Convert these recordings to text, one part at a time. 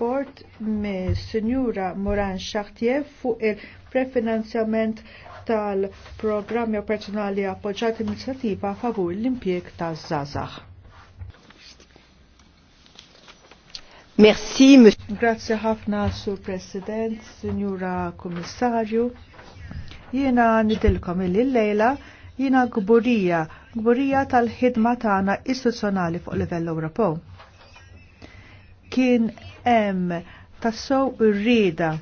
rapport me Senjura Moran Chartier fuq il-prefinanzjament tal-programmi operazzjonali appoġġat inizjattiva favur l-impjeg ta' Zazax. Merci, Grazie ħafna, Sur President, Signora Komissarju. Jiena nidilkom il-lejla jina gburija, gburija tal-ħidma tagħna istituzzjonali fuq livell Ewropew. Kien hemm tassow ir-rieda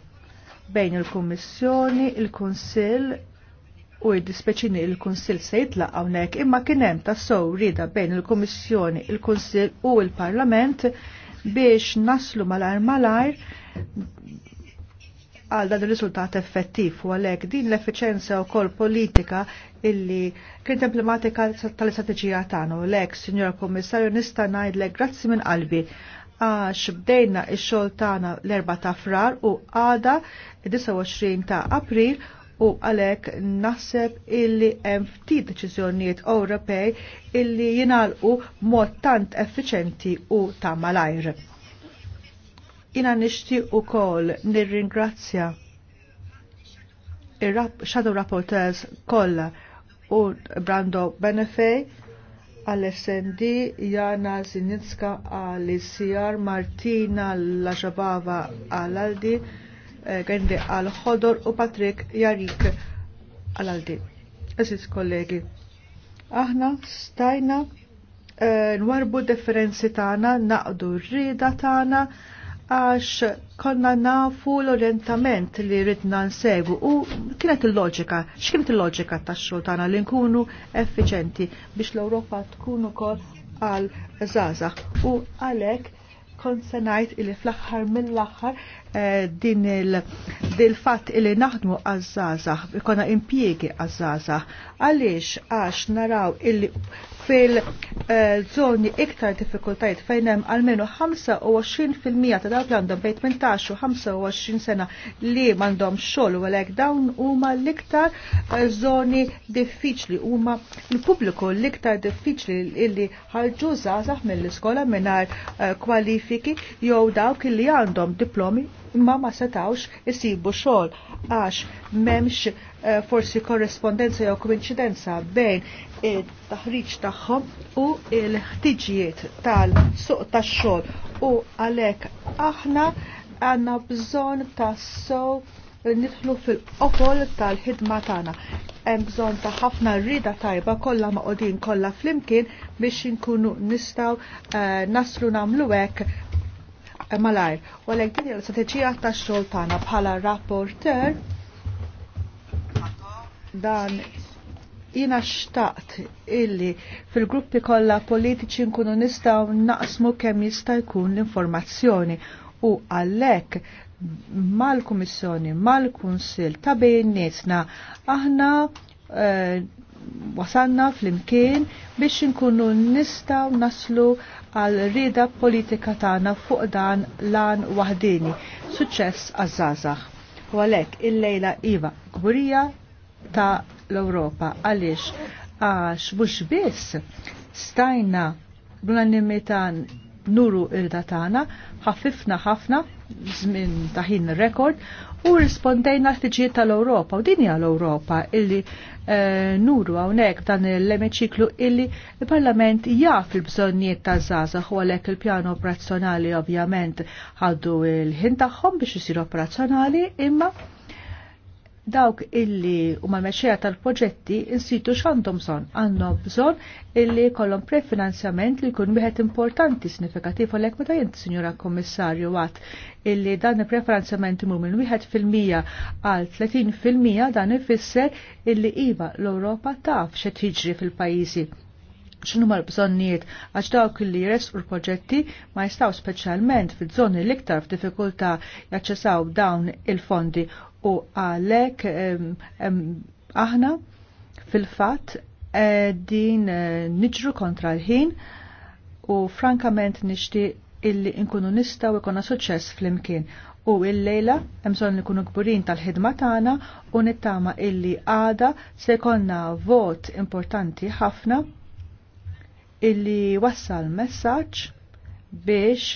bejn il-Kummissjoni, il-Kunsill u id-dispeċini il-Kunsill se jitlaq hawnhekk imma kien hemm tassow rieda bejn il-Kummissjoni, il-Kunsill u l parlament biex naslu mal-għar għal dan il-riżultat effettiv u għalhekk din l-effiċenza wkoll politika illi kien emblematika tal-istrateġija tagħna u lek, Sinjor Kommissarju, nista' ngħidlek grazzi minn qalbi għax bdejna il xogħol tagħna l-4 ta' frar u għada 29 ta' April u għalek naħseb illi hemm ftit deċiżjonijiet Ewropej illi jingħalqu mod tant effiċenti u ta' malajr. Jina nixtieq ukoll nirringrazzja ir-shadow rapporteurs kollha u Brando Benefej għal snd Jana Zinitska għal icr Martina Laġabava għall-Aldi eh, Gendi għall-ħodor u Patrik Jarik għall-Aldi. Eżis kollegi, aħna stajna eh, nwarbu differenzi tagħna, naqdu r-rida tagħna, għax konna nafu l-orientament li ridna nsegu u kienet il-loġika, x'kienet il-loġika tax-xogħol tagħna li nkunu effiċenti biex l-Ewropa tkun ukoll għal żgħażagħ u għalhekk konsenajt se ngħid li fl-aħħar mill-aħħar Eh, din il-fat il naħdmu għazzazax, ikona impiegi għazzazax. Għalix għax naraw illi fil-żoni eh, iktar diffikultajt fejnem għalmenu 25% ta' dawk li għandhom bejn 18 u 25 sena li mandom xogħol u għalhekk dawn huma l-iktar żoni eh, diffiċli huma l-pubbliku l-iktar diffiċli illi ħarġu żgħażagħ mill-iskola mingħajr kwalifiki jew dawk li għandhom diplomi imma ma setawx isibu xogħol għax m'hemmx eh, forsi korrespondenza jew koincidenza bejn it-taħriġ tagħhom u l-ħtiġijiet tal-suq tax-xogħol u għalhekk aħna għandna bżonn ta' sew nidħlu fil-qofol tal-ħidma tagħna. Hemm bżonn ta' ħafna rrida tajba kollha maqodin kollha flimkien biex inkunu nistgħu eh, naslu nagħmlu hekk E malajr. U għalek din l-strategija ta' xol tana bħala rapporter dan jina xtaqt illi fil-gruppi kollha politiċi nkunu nistgħu naqsmu kemm jista' jkun l-informazzjoni u għalhekk mal-Kummissjoni, mal-Kunsill ta' bejn niesna aħna e, wasanna fl-imkien biex nkunu nistgħu naslu għal rida politika tagħna fuq dan lan waħdini. Suċċess għaż-żgħażagħ. U għalhekk il-lejla iva gburija ta' l-Ewropa għaliex għax mhux biss stajna bl-unanimità nuru il tagħna ħaffifna ħafna żmien ta' ħin rekord u rispondejna l-ħtiġijiet tal-Ewropa u din hija l-Ewropa illi eh, nuru hawnhekk dan l-emiċiklu illi il-Parlament jaf il-bżonnijiet ta' żgħażagħ u għalhekk il-pjan operazzjonali ovvjament ħaddu il-ħin tagħhom biex isir operazzjonali imma dawk illi u ma meċċeja tal-proġetti insitu xandom son għandhom bżon illi kollom prefinanzjament li jkun wieħed importanti sinifikativ għalek ma' jint Signora Kommissarju għat illi dan il-preferenzjament imur minn wieħed fil-mija għal 30 fil-mija dan ifisser illi iva l-Ewropa taf xe tiġri fil-pajjiżi xinu mal bżonnijiet għax dawk li jresqu l-proġetti ma jistaw speċjalment fil-żoni l-iktar f'diffikultà jaċċessaw dawn il-fondi u għalek ehm, ehm, aħna fil-fat din eh, niġru kontra l-ħin u frankament nixti illi nkunu nistaw ikonna suċċess fl-imkien u il-lejla jemżon li kunu gburin tal-ħidma tagħna u nittama illi għada se jkollna vot importanti ħafna illi wassal messaġġ biex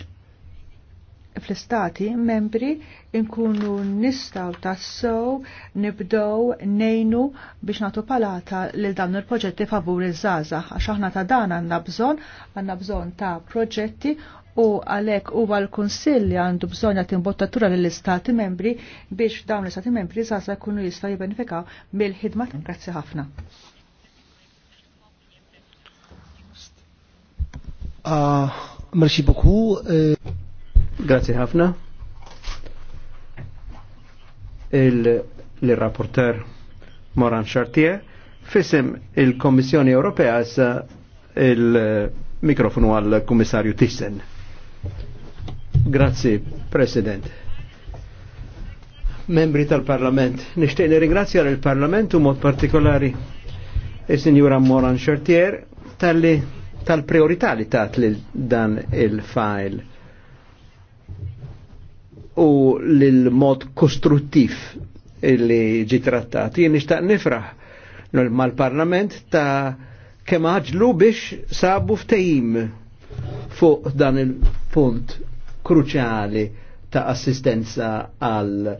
fl-istati membri inkunu nistaw tassow nibdow nejnu biex natu palata lil dawn il-proġetti favur iż-żaza għax aħna ta' dan għandna bżonn għandna bżonn ta' proġetti u għalek u għal-konsill li għandu bżonn jagħti imbottatura lill-istati membri biex dawn l-istati membri żaza jkunu jistgħu jibbenefikaw mill-ħidma. Grazzi ħafna. Merci beaucoup. Grazie ħafna. Il-rapporter Moran Chartier fisem il-Kommissjoni Ewropea sa il-mikrofonu għal-Kummissarju Tissen. Grazie, President. Membri tal-Parlament, nishtiq nirringrazzjar il-Parlament u mod partikolari il-Sinjura Moran Chartier tal-li tal-priorità li tat li dan il-file u l-mod kostruttiv li ġi trattat. Jien nixtaq nifraħ mal-parlament ta' kemm ħaġlu biex sabu ftehim fuq dan il-punt kruċjali ta' assistenza għal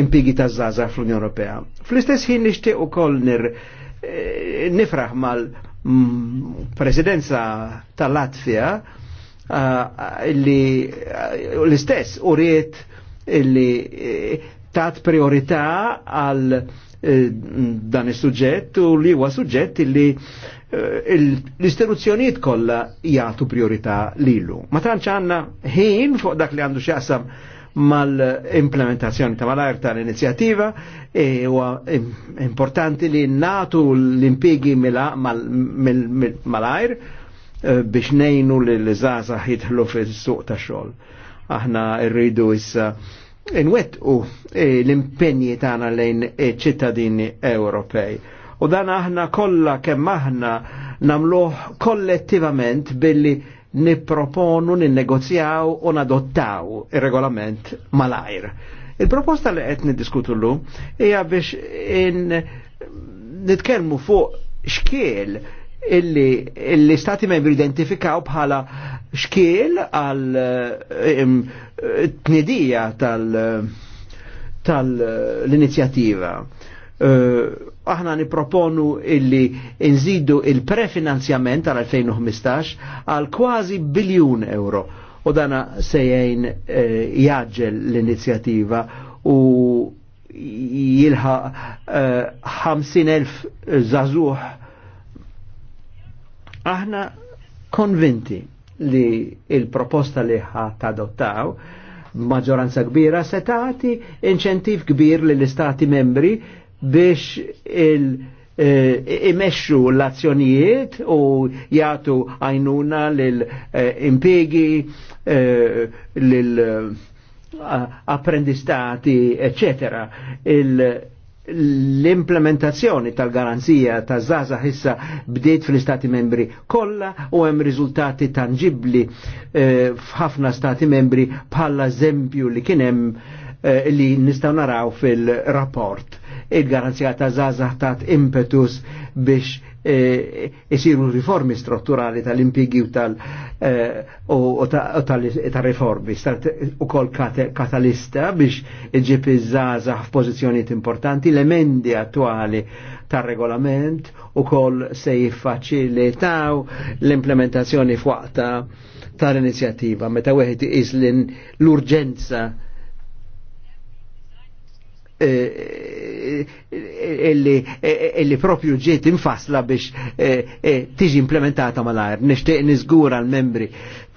impigi ta' zaza fl-Unjoni Ewropea. Fl-istess ħin nixtieq ukoll eh, nifraħ mal Mm, presidenza tal latvia eh, illi eh, l-istess u uriet illi eh, tat priorità għal dan il suġġett u li huwa suġġett illi l-istituzzjonijiet kollha jagħtu priorità lilu. Ma tantx għandna ħin fuq dak li għandu x'jaqsam mal-implementazzjoni ta' malajr tal-inizjativa e huwa importanti li natu l-impigi mal-ajr e, biex nejnu li l-żaza jitħlu fil-suq ta' xogħol. Aħna rridu issa inwet u e, l-impenji tagħna lejn ċittadini Ewropej. U dan aħna kollha kemm aħna namluh kollettivament billi nipproponu, ninnegozjaw u nadottaw ir-regolament malajr. Il-proposta li qed niddiskutu llum hija biex nitkelmu fuq xkiel illi illi stati membri identifikaw bħala xkiel għal tnedija tal-inizjattiva. Tal, tal aħna niproponu illi nżidu il-prefinanzjament għal 2015 għal kważi biljun euro. U dana sejjajn e, eh, jaġġel l-inizjativa u jilħa e, eh, 50.000 zazuħ. Aħna konvinti li il-proposta li ħat adottaw maġoranza kbira se tagħti inċentiv kbir lill istati membri biex il- eh, imexxu l-azzjonijiet u jagħtu għajnuna l eh, impegi eh, l apprendistati, eccetera. L-implementazzjoni tal-garanzija ta' Zaza issa bdiet fl-Istati membri kollha u hemm riżultati tangibbli f'ħafna Stati membri bħala eżempju li kien hemm li nistgħu naraw fil-rapport il-garanzija ta' zazah ta' impetus biex jisiru e, riformi strutturali tal-impigi u tal-riformi, e, u kol katalista biex iġib iż-żaza f'pożizzjonijiet importanti, l-emendi attuali tal-regolament u kol se jiffaċilitaw l-implementazzjoni f'waqta tal-inizjattiva, meta weħed islin l-urġenza Eh, eh, illi propju ġiet infasla biex eh, tiġi implementata malajr. għar Nishtiq nizgura l-membri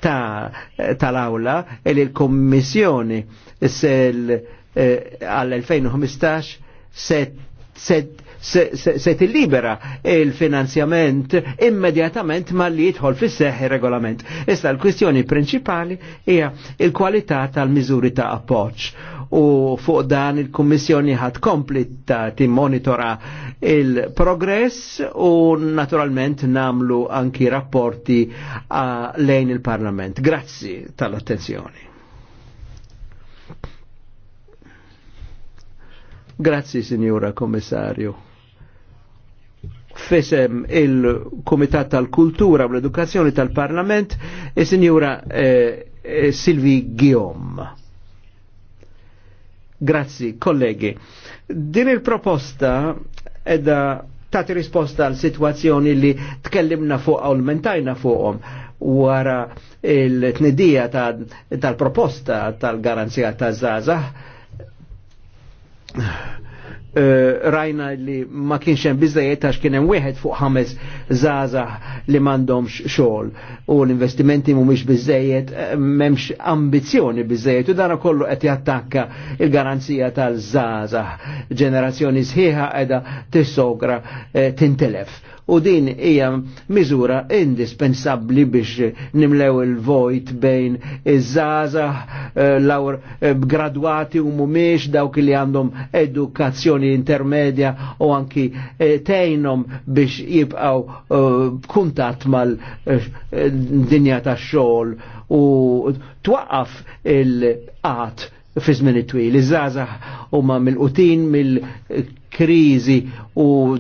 tal-awla illi l-Kommissjoni għall-2015 se tillibera il-finanzjament immedjatament ma li jidħol fis seħi regolament. Issa l-kwistjoni principali hija il-kwalità tal-miżuri ta' appoġġ u fuq dan il kommissjoni ħad kompli timmonitora il-progress u naturalment namlu anki rapporti lejn il-Parlament. Grazzi tal-attenzjoni. Grazzi, Signora Kommissarju. Fisem il-Komitat tal-Kultura u l-Edukazzjoni tal-Parlament, e Signora eh, eh Silvi Guillaume. Grazzi, kollegi. Din il-proposta edha tati risposta għal situazzjoni li tkellimna fuq u l-mentajna fuqhom wara il-tnedija tal-proposta tal-garanzija ta' zazah rajna li ma kienx hemm biżejjed għax kien hemm wieħed fuq ħames zaza li m'għandhomx xogħol u l-investimenti mhumiex biżejjed m'hemmx ambizzjoni biżejjed u dan kollu qed jattakka il-garanzija tal-żgħażagħ. Ġenerazzjoni sħiħa qiegħda tissogra tintelef u din hija miżura indispensabbli biex nimlew il-vojt bejn iż żaza eh, lawr eh, gradwati u mhumiex dawk li għandhom edukazzjoni intermedja u anki eh, tejnhom biex jibqgħu kuntatt mal-dinja tax-xogħol u twaqqaf il-qat fi żmien it-twil. Iż-żgħażagħ huma mill-qutin mill krizi u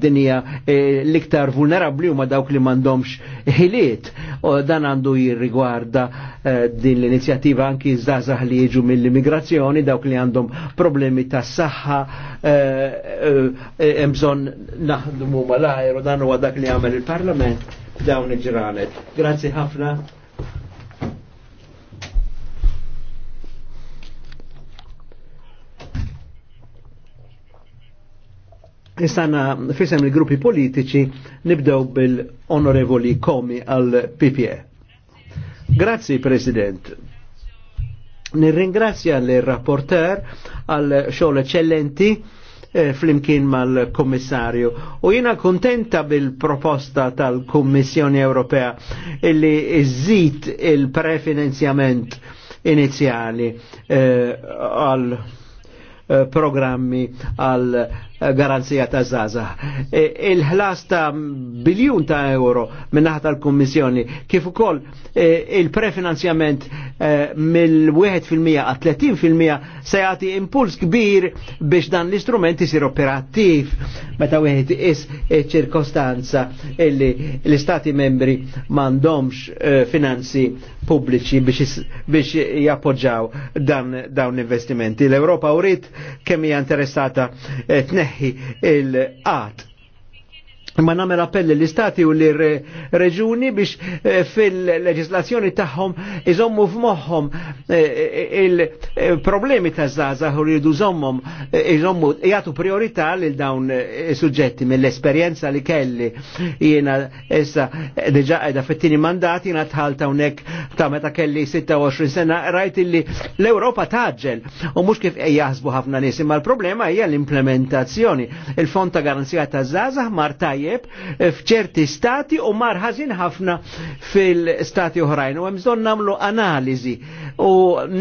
dinja eh, l-iktar vulnerabli u ma dawk li mandomx ħiliet. U dan għandu jirrigwarda eh, din l-inizjattiva anki zazah li jiġu mill-immigrazzjoni, dawk li għandhom problemi ta' saħħa, eh, emżon naħdmu mal-ajru, dan u għadak li għamel il-parlament, dawn iġranet. Grazie ħafna. Nistana fissem il-gruppi politiċi nibdew bil-onorevoli komi għal PPE. Grazzi, President. Nirringrazzja l-rapporter għal xogħol eccellenti eh, flimkien mal-Kommissarju. U jina kontenta bil-proposta tal-Kommissjoni Ewropea illi iżid il-prefinanzjament inizjali eh, għal eh, programmi għal garanzija ta' zaza. E, il-ħlas ta' biljun ta' euro minnaħat tal-Kommissjoni kif ukoll e, il-prefinanzjament e, mill-1% għal 30% se jagħti impuls kbir biex dan l-istrument isir operattiv meta wieħed is ċirkostanza illi l-istati membri m'għandhomx finanzi pubbliċi biex jappoġġaw dan dawn l-investimenti. L-Europa urid kemm hija interessata tneħħi il-qat Ma namel appelli l-istati u l-reġuni biex eh, fil-leġislazzjoni tagħhom iżommu f'moħħom eh, eh, il-problemi ta' żgħażagħ u jridu żommhom iżommu jgħatu priorità lil dawn suġġetti mill esperienza li kelli jiena essa deġa qiegħda fettini mandati jiena tħalta hawnhekk ta' meta kelli 26 sena rajt illi l europa taġġel u mux kif jgħazbu ħafna nisim ma' l-problema hija l-implementazzjoni. Il-fond ta' garanzija ta' żgħażagħ martajja tajjeb f'ċerti stati u mar ħażin ħafna fil-stati oħrajn u hemm bżonn nagħmlu analiżi u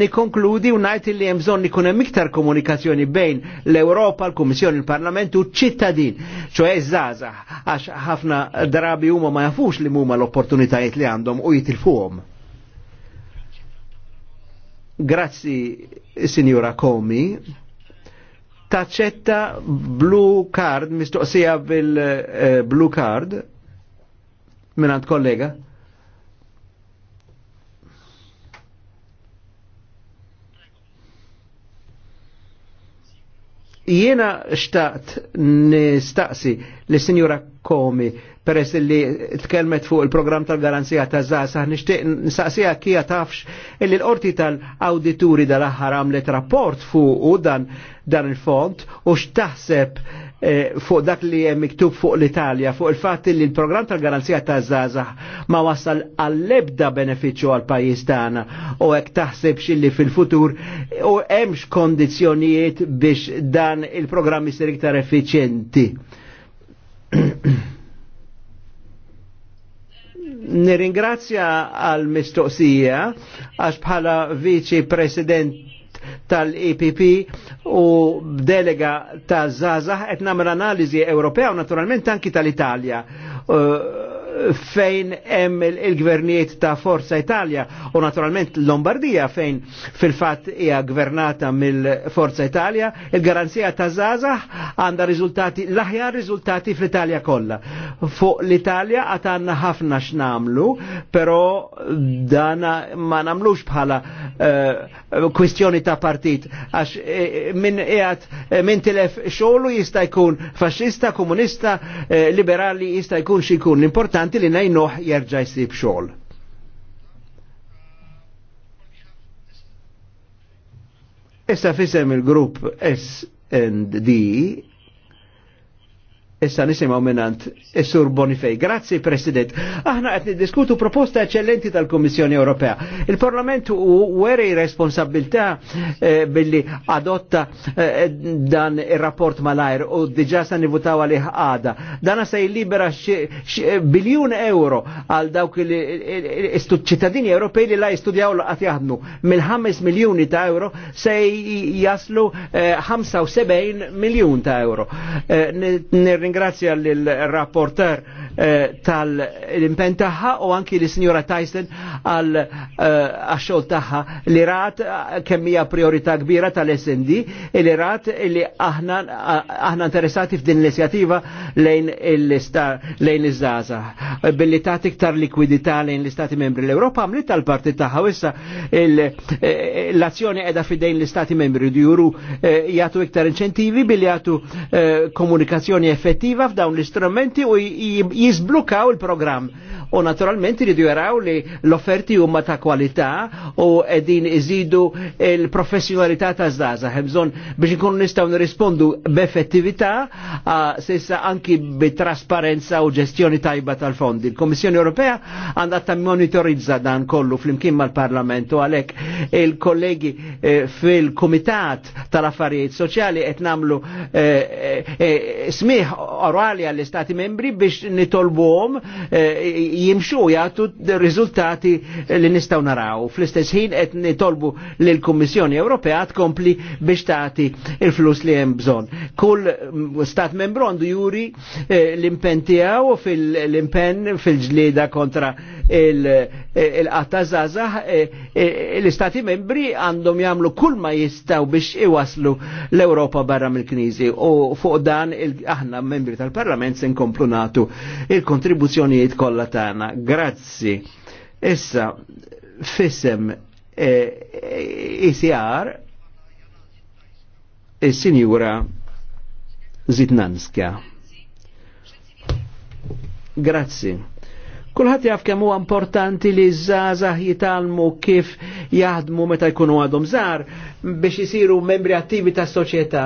nikonkludi u ngħid li hemm bżonn ikun hemm iktar komunikazzjoni bejn l-Ewropa, l-Kummissjoni, l-Parlament u ċ-ċittadin, ċoe żgħażagħ għax ħafna drabi huma ma jafux li huma l-opportunitajiet li għandhom u jitilfuhom. Grazzi, Signora Comi taċċetta blue card, mistoqsija bil-blue eh, card, minnant kollega. Jiena xtaqt nistaqsi li Sinjura Komi peress li tkelmet fuq il-programm tal-garanzija ta' Zasa, nishtiq nsaqsija kija tafx illi l-orti tal-awdituri dal-aħħar għamlet rapport fuq u dan dan il-font u x'taħseb eh, fuq dak li hemm miktub fuq l-Italja fuq il-fatt li l-programm tal-garanzija ta' Zazah ma wasal għall-ebda benefiċċju għal pajjiż tagħna u hekk taħseb xilli fil-futur u hemmx kondizzjonijiet biex dan il-programm isir iktar effiċjenti. Nirringrazzja għal mistoqsija għax bħala viċi president tal-EPP u delega ta' Zaza qed nagħmel analiżi Ewropea u naturalment anki tal-Italja. Uh, fejn hemm il-gvernijiet ta' Forza Italja u naturalment Lombardija fejn fil-fatt hija gvernata mill-Forza Italja, il-garanzija ta' Zazah għandha riżultati l-aħjar riżultati fl-Italja kollha. Fuq l-Italja għad għandna ħafna x'namlu, però dan ma namlux bħala eh, kwistjoni uh, ta' partit għax eh, minn qiegħed eh, minn tilef xogħlu jista' jkun faxxista, komunista, liberali jista' jkun xi jkun. L-importanti importanti li najnuħ jerġa' jisib xogħol. Issa fisem il-grupp SND Issa nisimaw minnant Sur Bonifej. Grazzi, President. Aħna qed diskutu proposta eccellenti tal-Kommissjoni Ewropea. Il-Parlament u għeri responsabilta eh, billi adotta eh, dan il-rapport malajr u diġa sa nivutaw għali ħada. Dana se libera biljun euro għal dawk il-ċittadini Ewropej li la l-għat jahdnu. mil 5 miljoni ta' euro se jaslu 75 eh, miljun ta' euro nirringrazzja l-rapporter Eh, tal-impen taħħa u anki li sinjora Tyson għal xogħol eh, taħħa li rat eh, kemmija hija priorità kbira tal-SND li rat li aħna aħna interessati f'din l-inizjattiva lejn lejn iż-żgħażagħ billi tagħti iktar likwidità lejn l-Istati membri l-Ewropa għamlet tal parti taħħa issa l-azzjoni qiegħda fidejn l-Istati membri di juru jagħtu iktar inċentivi billi jagħtu komunikazzjoni effettiva f'dawn l-istrumenti u jizblukaw il-programm u naturalment iridu jaraw li l-offerti huma ta' kwalità u qegħdin iżidu il-professjonalità ta' żdaża. Hemm biex inkunu nistgħu nirrispondu b'effettività sissa anki bit-trasparenza u ġestjoni tajba tal-fondi. Il-Kommissjoni Ewropea għandha ta' monitorizza dan kollu flimkien mal-Parlament u għalhekk il-kollegi eh, fil-Kumitat tal-Affarijiet Soċjali qed nagħmlu eh, eh, smih orali għall-Istati membri biex nitolbuhom jimxu jgħatu riżultati li nistaw naraw. Fl-istess ħin qed nitolbu lill kummissjoni Ewropea tkompli biex tagħti il-flus li hemm bżonn. Kull mm, stat membru għandu juri eh, l-impenn tiegħu fil-impenn fil-ġlieda kontra eh, il-qatta żgħażagħ eh, l-istati membri għandhom jagħmlu kull ma jistgħu biex iwaslu l-Ewropa barra mill-Kniżi u fuq dan aħna membri tal-Parlament se nkomplu nagħtu il-kontribuzzjonijiet kollha tagħna tagħna. Grazzi. Issa fissem ICR e, sinjura e, e, e Zitnanska. Grazzi. Kulħat jaf kemmu importanti li żgħażagħ jitalmu kif jaħdmu meta jkunu għadhom żgħar biex isiru membri attivi tas soċjetà.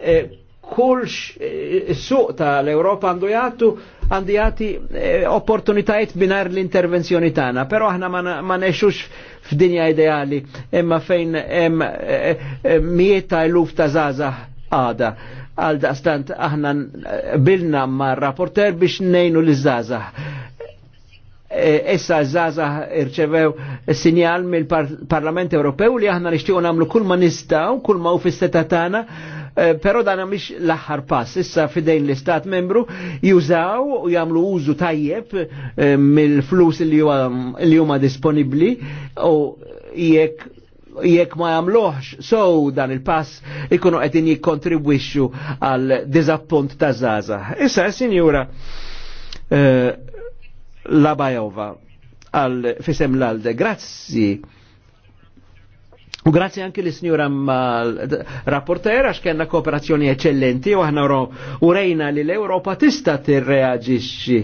E, kulx eh, suq l europa għandu jgħattu għandu jgħati eh, opportunitajiet binar l-intervenzjoni tagħna, però aħna ma nexux f'dinja ideali imma fejn hemm eh, mieta' ta' iluf ta' zaza għada. Għal daqstant aħna bilna ma' rapporter biex nejnu l zaza Issa Zaza irċevew sinjal mill-Parlament Ewropew li aħna nixtiequ nagħmlu kull ma nistaw, kull ma u fissetatana. tagħna Eh, Pero dana mish l-aħħar pass, issa fidejn l-Istat membru jużaw u jagħmlu użu tajjeb eh, mill-flus li huma disponibbli u jekk jekk ma jagħmluhx so dan il-pass ikunu għedin jikkontribwixxu għal diżappunt ta' zaza. Issa sinjura eh, Labajova għal fisem l-alde. Grazzi U grazie anche li signora rapporter għax kena kooperazzjoni eccellenti u aħna u rejna li l-Europa tista tirreagixxi.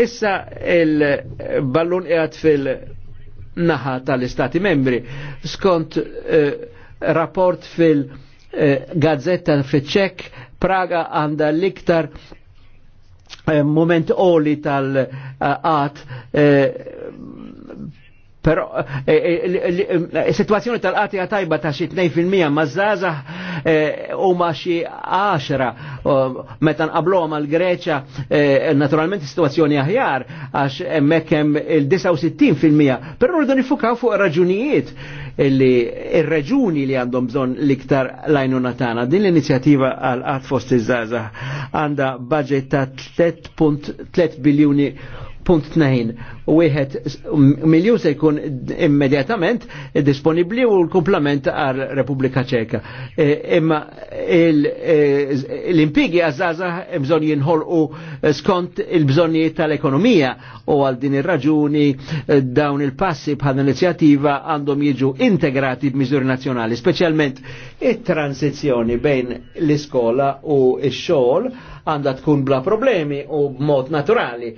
Issa il-ballun qiegħed fil-naħa tal-Istati membri skont eh, rapport fil-gazzetta eh, ċek Praga għandha l-iktar eh, moment oli tal at eh, eh Pero eh, eh, eh, situazzjoni tal-qatija tajba ta' xi 2% ma' żgħażagħ u ma' xi 10 meta nqablhom mal greċa naturalment situazzjoni aħjar għax hemmhekk hemm il-69%. Però rridu nifukaw fuq raġunijiet li ir-reġuni li għandhom bżonn l-iktar lajnuna tagħna. Din l-inizjattiva għal qatt fost iż-żgħażagħ għandha budget ta' 3.3 biljuni Punt u Wieħed miljun se jkun immedjatament disponibbli u l-komplement għal Repubblika Ċeka. E, imma e, l-impigi għazzaza bżon u skont il bżonji tal-ekonomija u għal din ir-raġuni e, dawn il-passi bħal inizjattiva għandhom jiġu integrati b'miżuri nazzjonali, speċjalment it-transizzjoni bejn l-iskola u x-xogħol għandha tkun bla problemi u b'mod naturali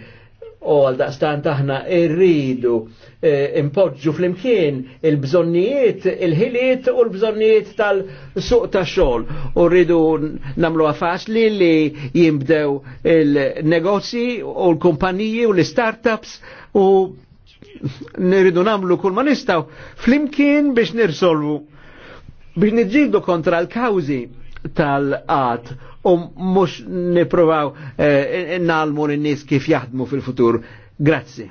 u għal daqstan taħna irridu eh, impoġġu fl-imkien il-bżonnijiet, il-ħiliet u l-bżonnijiet tal-suq ta' xol. U rridu namlu għafaxli li jimbdew il-negozji u l-kumpaniji u l-startups u nirridu namlu kull ma nistaw fl-imkien biex nirsolvu biex nidġildu kontra l-kawzi tal-qat u mux niprovaw eh, nalmu n-nis kif jaħdmu fil-futur. Grazzi.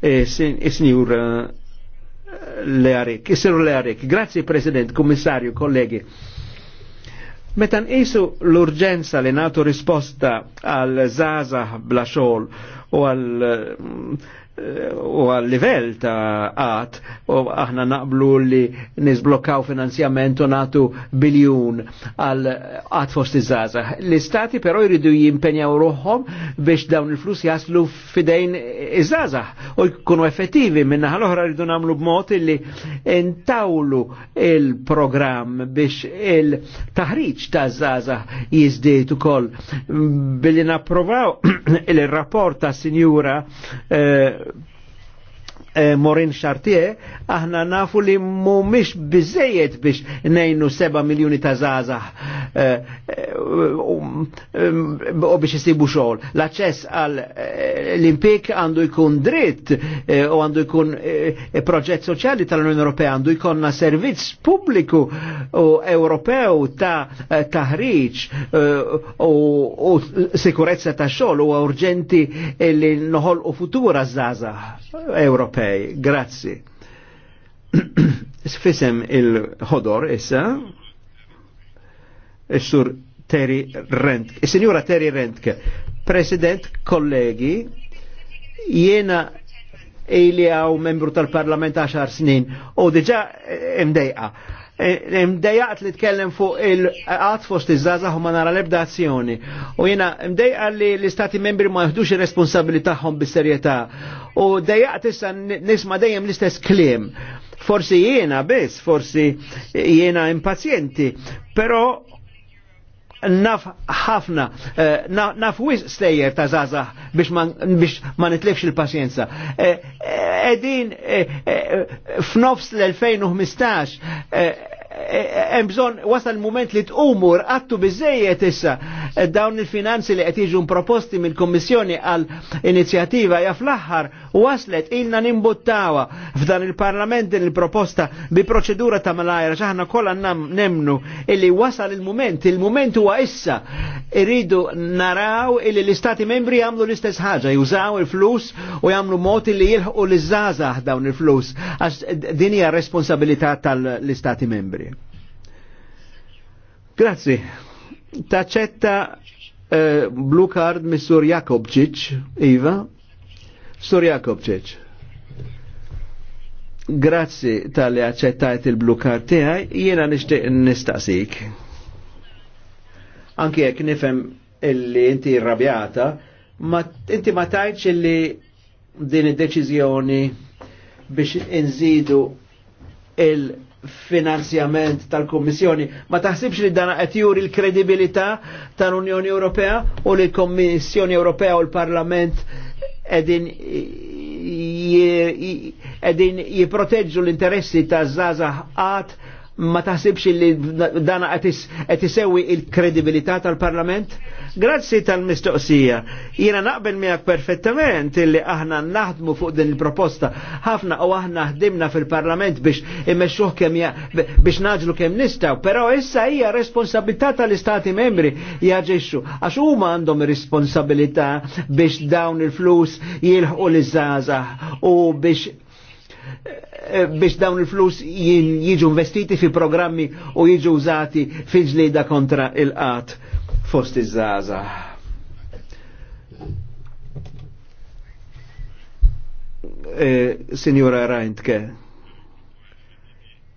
Is-Sinjur Learik, Is-Sinjur Learik, grazzi President, Kommissarju, kollegi. Metan isu l-urġenza li nagħtu risposta għal Zaza bla xogħol u għal eh, u għal-livell ta' għat u aħna naqblu li nizblokkaw finanzjament u natu biljun għal għat fost iż-żaza. L-istati però jridu jimpenjaw ruħom biex dawn il-flus jaslu fidejn iż-żaza u jkunu effettivi minna ħal-oħra jridu namlu b'mod li intawlu il-programm biex il taħriġ ta' żaza jizdejt ukoll billi napprovaw il-rapport ta' sinjura eh, Eh, Morin Chartier, aħna nafu li mumiex bizzejiet biex nejnu 7 miljoni ta' zazah eh, eh, u biex jisibu xogħol. L-aċċess għal l-impik għandu jkun dritt u għandu jkun proġett soċjali tal-Unjoni Ewropea għandu jkollna servizz pubbliku u Ewropew ta' taħriġ u sikurezza ta' xogħol u urġenti li noħol u futura zazah Ewropew. Ewropej. Grazzi. Sfisem il-ħodor issa, il-sur Terry Rentke, il-sinjura Terry Rentke, president kollegi, jena ili għaw membru tal-parlament 10 snin u diġa imdejqa eh, mdejaqt li tkellem fuq il-qat fost iż-żazax u ma nara l-ebda azzjoni. U jena mdejaqt li l-istati membri ma jħdux il-responsabilitaħom bis-serjetà. U dejaqt issa nisma' dejjem l-istess klim. Forsi jena biss, forsi jena impazjenti, pero naf ħafna, eh, naf wis stejjer ta' zazah biex ma nitlifx il-pazjenza. Eh, eh, edin f'nofs l-2015 hemm bżonn wasal il-mument li tqumur għattu biżejjed issa dawn il-finanzi li qed jiġu proposti mill-Kummissjoni għal inizjattiva ja fl-aħħar waslet ilna nimbuttawa f'dan il-Parlament din il-proposta bi proċedura ta' malajra x'aħna kollha nemnu illi wasal il-mument, il-mument huwa issa irridu naraw illi l-Istati membri jagħmlu l-istess ħaġa, jużaw il-flus u jagħmlu mod li jilħu l-żgħażagħ dawn il-flus għax din hija responsabilità tal-Istati membri. Grazzi. Taċċetta eh, blue card mis Jakobcic. Jakobčić, Iva. Sur Jakobčić. Grazzi tal-li accettajt il-blue card tiegħi, jiena nixtieq nistaqsik. Anke jekk nifhem illi inti irrabjata, ma inti ma tajtx illi din id-deċiżjoni biex inżidu il- finanzjament tal-Kommissjoni. Ma taħsibx li dana qed juri l-kredibilità tal-Unjoni Ewropea u li l-Kommissjoni Ewropea u l-Parlament edin edin jiproteġġu l-interessi ta' zaza għat ma taħsibx li dana qed isewwi il-kredibilità tal-Parlament? Grazzi tal-mistoqsija. Jina naqbel miegħek perfettament illi aħna naħdmu fuq din il-proposta ħafna u aħna ħdimna fil-Parlament biex immexxuh kemm biex naġlu kemm nistaw. però issa hija responsabilità tal-Istati membri jaġixxu għax huma għandhom responsabilità biex dawn il-flus jilħqu l-żgħażagħ u biex eh, biex dawn il-flus jiġu investiti fi programmi u jiġu użati fi ġlida kontra il-qat fost iż-żaza. E, signora Reintke.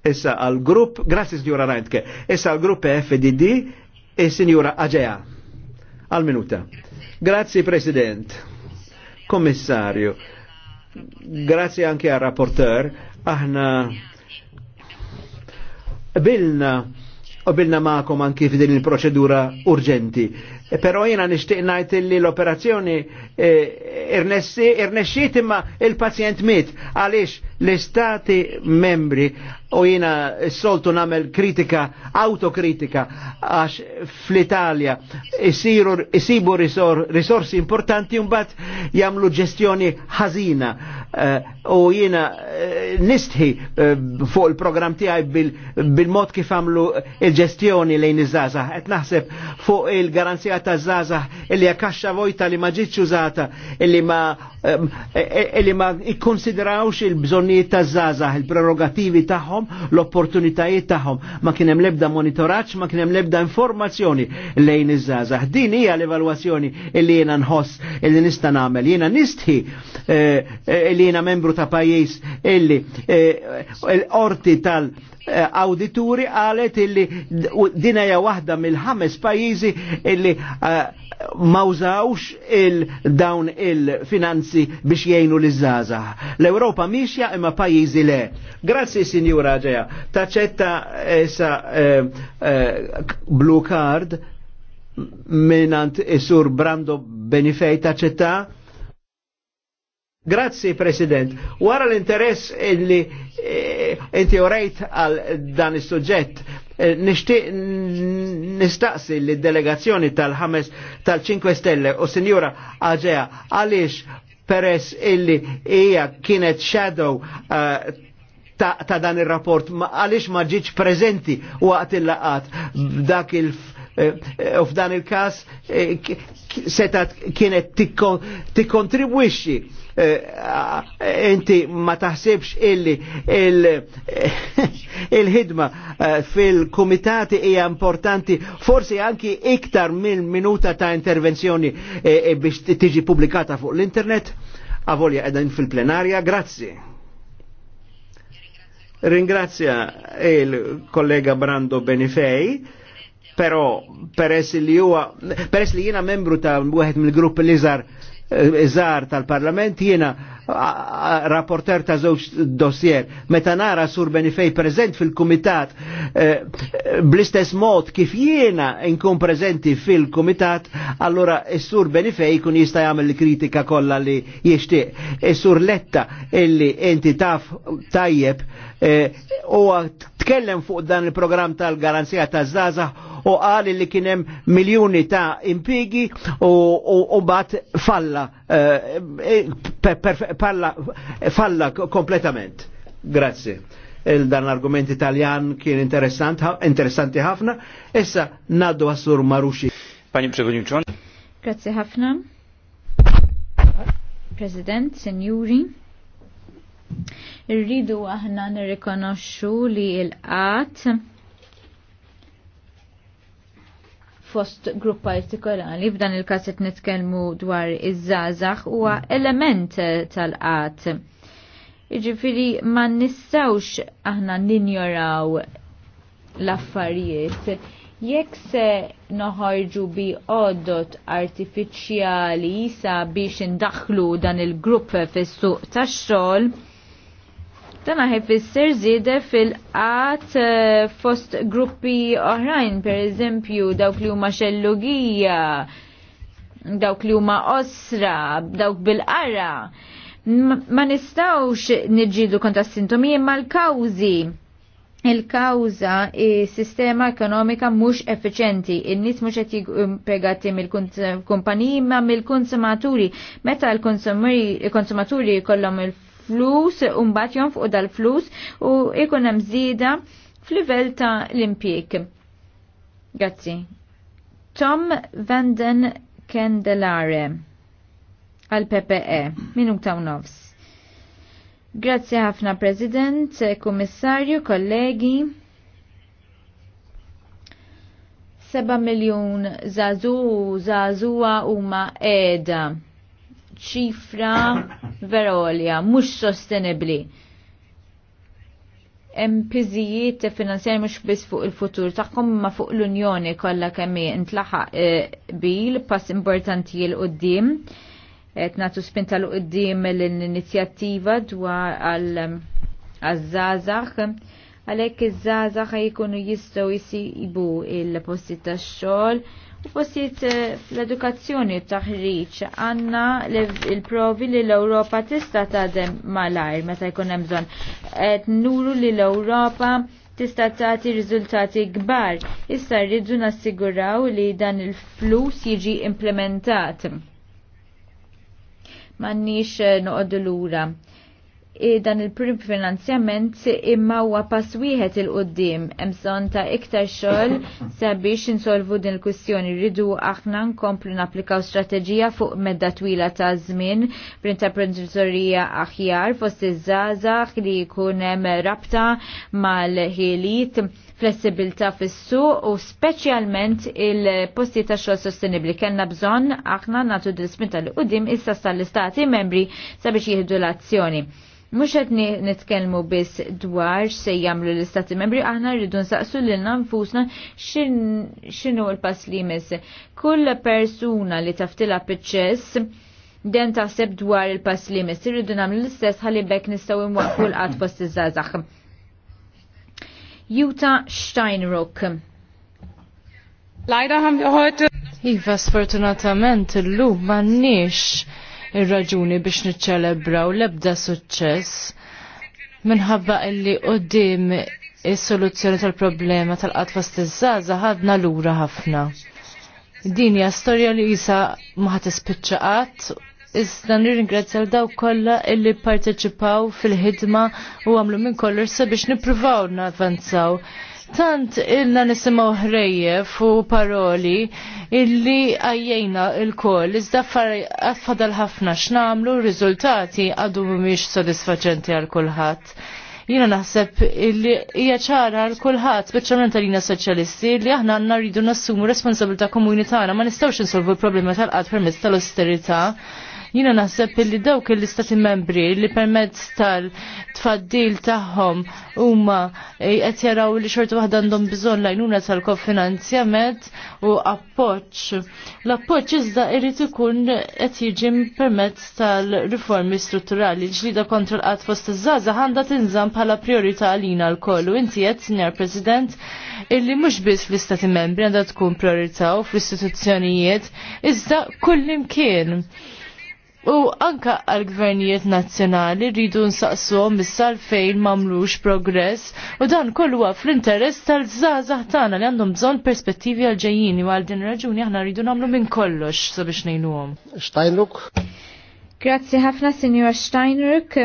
Issa għal grupp, grazie Signora Reintke, issa għal grupp FDD e Signora Agea. Al minuta. Grazie President, Commissario, grazie anche al rapporteur, aħna bilna qabilna ma'kom anki f'din il-proċedura urġenti. E, però jena nishtiq ngħid li l-operazzjoni e, irnessi, irnexxiet imma il-pazjent mit għaliex l-istati membri u jina s soltu namel kritika, autokritika, għax fl-Italja jisibu risor, risorsi importanti unbat jamlu ġestjoni ħazina eh, u jina uh, nistħi eh, fuq il-program tijaj bil-mod bil kif għamlu il-ġestjoni lejn iż-żaza. Et naħseb fuq il-garanzija ta' żaza illi għakaxa vojta li ma ġitx użata illi ma illi ma ikkonsidrawx il-bżonnijiet ta' żaza, il-prerogativi tagħhom tagħhom, l-opportunitajiet tagħhom. Ma kien hemm lebda monitoraġġ, ma kien hemm lebda informazzjoni lejn iż-żgħażagħ. Din hija l-evalwazzjoni li jiena nħoss li nista' nagħmel. Jiena nistħi eh, eh, li jiena membru ta' pajjiż illi eh, l-orti tal- Eh, awdituri għalet illi dinaja waħda mill-ħames pajizi illi eh, mawżawx il-dawn il-finanzi biex jgħinu l żaza L-Europa miexja imma pajizi le. Grazzi, signora Ġeja. Taċċetta essa eh, blue card minant isur Brando Benifej taċetta. Grazzi, President. Wara l-interess li eh, inti urejt għal dan il sujġett eh, nistaqsi li delegazzjoni tal-ħames tal-5 Stelle u Sinjura Aġea għaliex peress illi hija kienet shadow eh, ta', dan il rapport għaliex ma ġietx preżenti waqt il-laqat dak il- u f'dan il-kas setat kienet tikkontribwixxi Eh, eh, inti ma taħsibx illi eh, il-ħidma fil-komitati hija importanti forsi anki iktar mill-minuta ta' intervenzjoni biex tiġi publikata fuq l-internet avolja edin fil-plenarja, grazzi. Ringrazzja il-kollega Brando Benifej, però peress li huwa peress li jiena membru ta' wieħed mill-grupp l-iżar Eh, żgħar tal-Parlament jiena rapporter ta' żewġ dossier. Meta nara sur Benifej prezent fil-Kumitat eh, bl-istess mod kif jiena nkun prezenti fil-Kumitat, allora sur Benifej kun jista' jagħmel kritika kollha li jixtieq. E sur Letta illi inti taf tajjeb eh, u tkellem fuq dan il-programm tal-garanzija taż-żgħażagħ u qal li kien hemm miljuni ta' impigi u, bat falla eh, palla, falla kompletament. Grazie. Il dan l-argument italjan kien interessant, interessanti ħafna. Issa naddu għassur Marushi. Pani Przewodniczący. Grazie ħafna. President, Senjuri. Irridu aħna nirrikonoxxu li l-qat fost grupp partikolari, f'dan il kaset qed nitkellmu dwar iż żazax huwa element tal-qat. Jiġifieri ma nistgħux aħna ninjoraw l-affarijiet. Jekk se noħorġu bi oddot artifiċjali sabiex biex indaħlu dan il-grupp fis-suq tax-xogħol, Dan ħajfisser żieder fil-qat eh, fost gruppi oħrajn, per eżempju, dawk li huma xellugija, dawk li huma osra, dawk bil-qara. Ma nistawx niġġieldu kontra sintomi imma l-kawżi il-kawza sistema ekonomika mhux effiċenti, in-nies mhux qed jimpjegati mill-kumpaniji ma mill-konsumaturi. Meta l-konsumaturi jkollhom il flus u mbagħad jonfqu dal-flus u ikun hemm żieda f'livell ta' l-impjieg. Grazzi. Tom Vanden Kendelare għal PPE, minum ta' nofs. Grazzi ħafna President, Kummissarju, kollegi. 7 miljon zazu zazuwa huma qiegħda ċifra vera olja, mhux sostenibbli. Hemm piżijiet finanzjari mhux biss fuq il-futur tagħhom ma fuq l-Unjoni kollha kemm intlaħaq e, bil pass importanti l qudiem qed nagħtu spinta l qudiem l-inizjattiva dwar għal għaż għalek għalhekk iż żazax jkunu jistgħu jisibu il-posti tax-xogħol Fossit eh, fl-edukazzjoni taħriċ għanna l provi li l-Europa tista taħdem malajr meta jkun hemm bżonn. Qed nuru li l-Europa tista tagħti riżultati kbar. Issa rridu nassiguraw li dan il-flus jiġi implementat. M'għandniex eh, noqogħdu lura dan il-prim finanzjament imma huwa pass wieħed il-qoddim hemm son ta' iktar xogħol sabiex insolvu din il-kwistjoni rridu aħna nkomplu napplikaw strateġija fuq medda twila ta' żmien b'intraprenditorija aħjar fost iż-żgħażagħ li jkun hemm rabta mal-ħiliet flessibilità fis-suq u speċjalment il-posti ta' xogħol sostenibbli. Kellna bżonn aħna nagħtu d-dismin tal-qudiem issa sal istati membri sabiex jieħdu l-azzjoni. Mux għed nitkelmu bis dwar se jamlu l-istati membri, aħna rridu nsaqsu l-nanfusna xinu l-pass li mis. Kull persuna li taftila pċess, den taħseb dwar il-pass li mis, rridu namlu l-istess għalli bekk nistaw imwaqfu l għad post iż-żazax. Juta Steinrock. Leider haben wir heute. Iva, sfortunatament, l-lum, nix ir-raġuni biex niċċelebraw l-ebda suċċess minħabba illi qoddim is-soluzzjoni tal-problema tal-qatfa stizzaza ħadna lura ħafna. Din hija storja li isa ma ħad qatt, Iżda nirringrazzja daw kollha illi parteċipaw fil-ħidma u għamlu minn kollox sabiex nippruvaw navanzaw. Na tant ilna nisimaw ħrejjef u paroli illi għajjena il-koll, iżda għatfadal ħafna x'namlu r-riżultati għadu mhumiex sodisfaċenti għal kulħadd. Jiena naħseb illi hija ċara għal kulħadd speċjalment għalina soċjalisti li aħna għandna rridu nassumu responsabilità komuni tagħna ma nistgħux insolvu l-problema tal-qatt permezz tal-austerità. tal qatt permezz tal austerità tal Jina naħseb li dawk l-istati membri li permezz tal-tfaddil tagħhom huma eh, qed jaraw li xorta waħda għandhom bżonn lajnuna tal-kofinanzjament u appoġġ. L-appoġġ iżda irid ikun qed jiġi permezz tal-riformi strutturali ġlida kontra l-qatt fost iż-żgħażagħ għandha tinżamm bħala priorità għalina l-kollu. Inti qed, Sinjar President, illi mhux biss fl-istati membri għandha tkun priorità u fl-istituzzjonijiet iżda kullimkien. U anka għal-gvernijiet nazzjonali rridu nsaqsuhom issa fejn mamlux progress u dan kollu huwa fl-interess tal żazah tagħna li għandhom bżonn perspettivi għal-ġejjin u għal din raġuni aħna rridu nagħmlu minn kollox sabiex ngħinuhom. Grazzi ħafna, Sinjora Steinruk.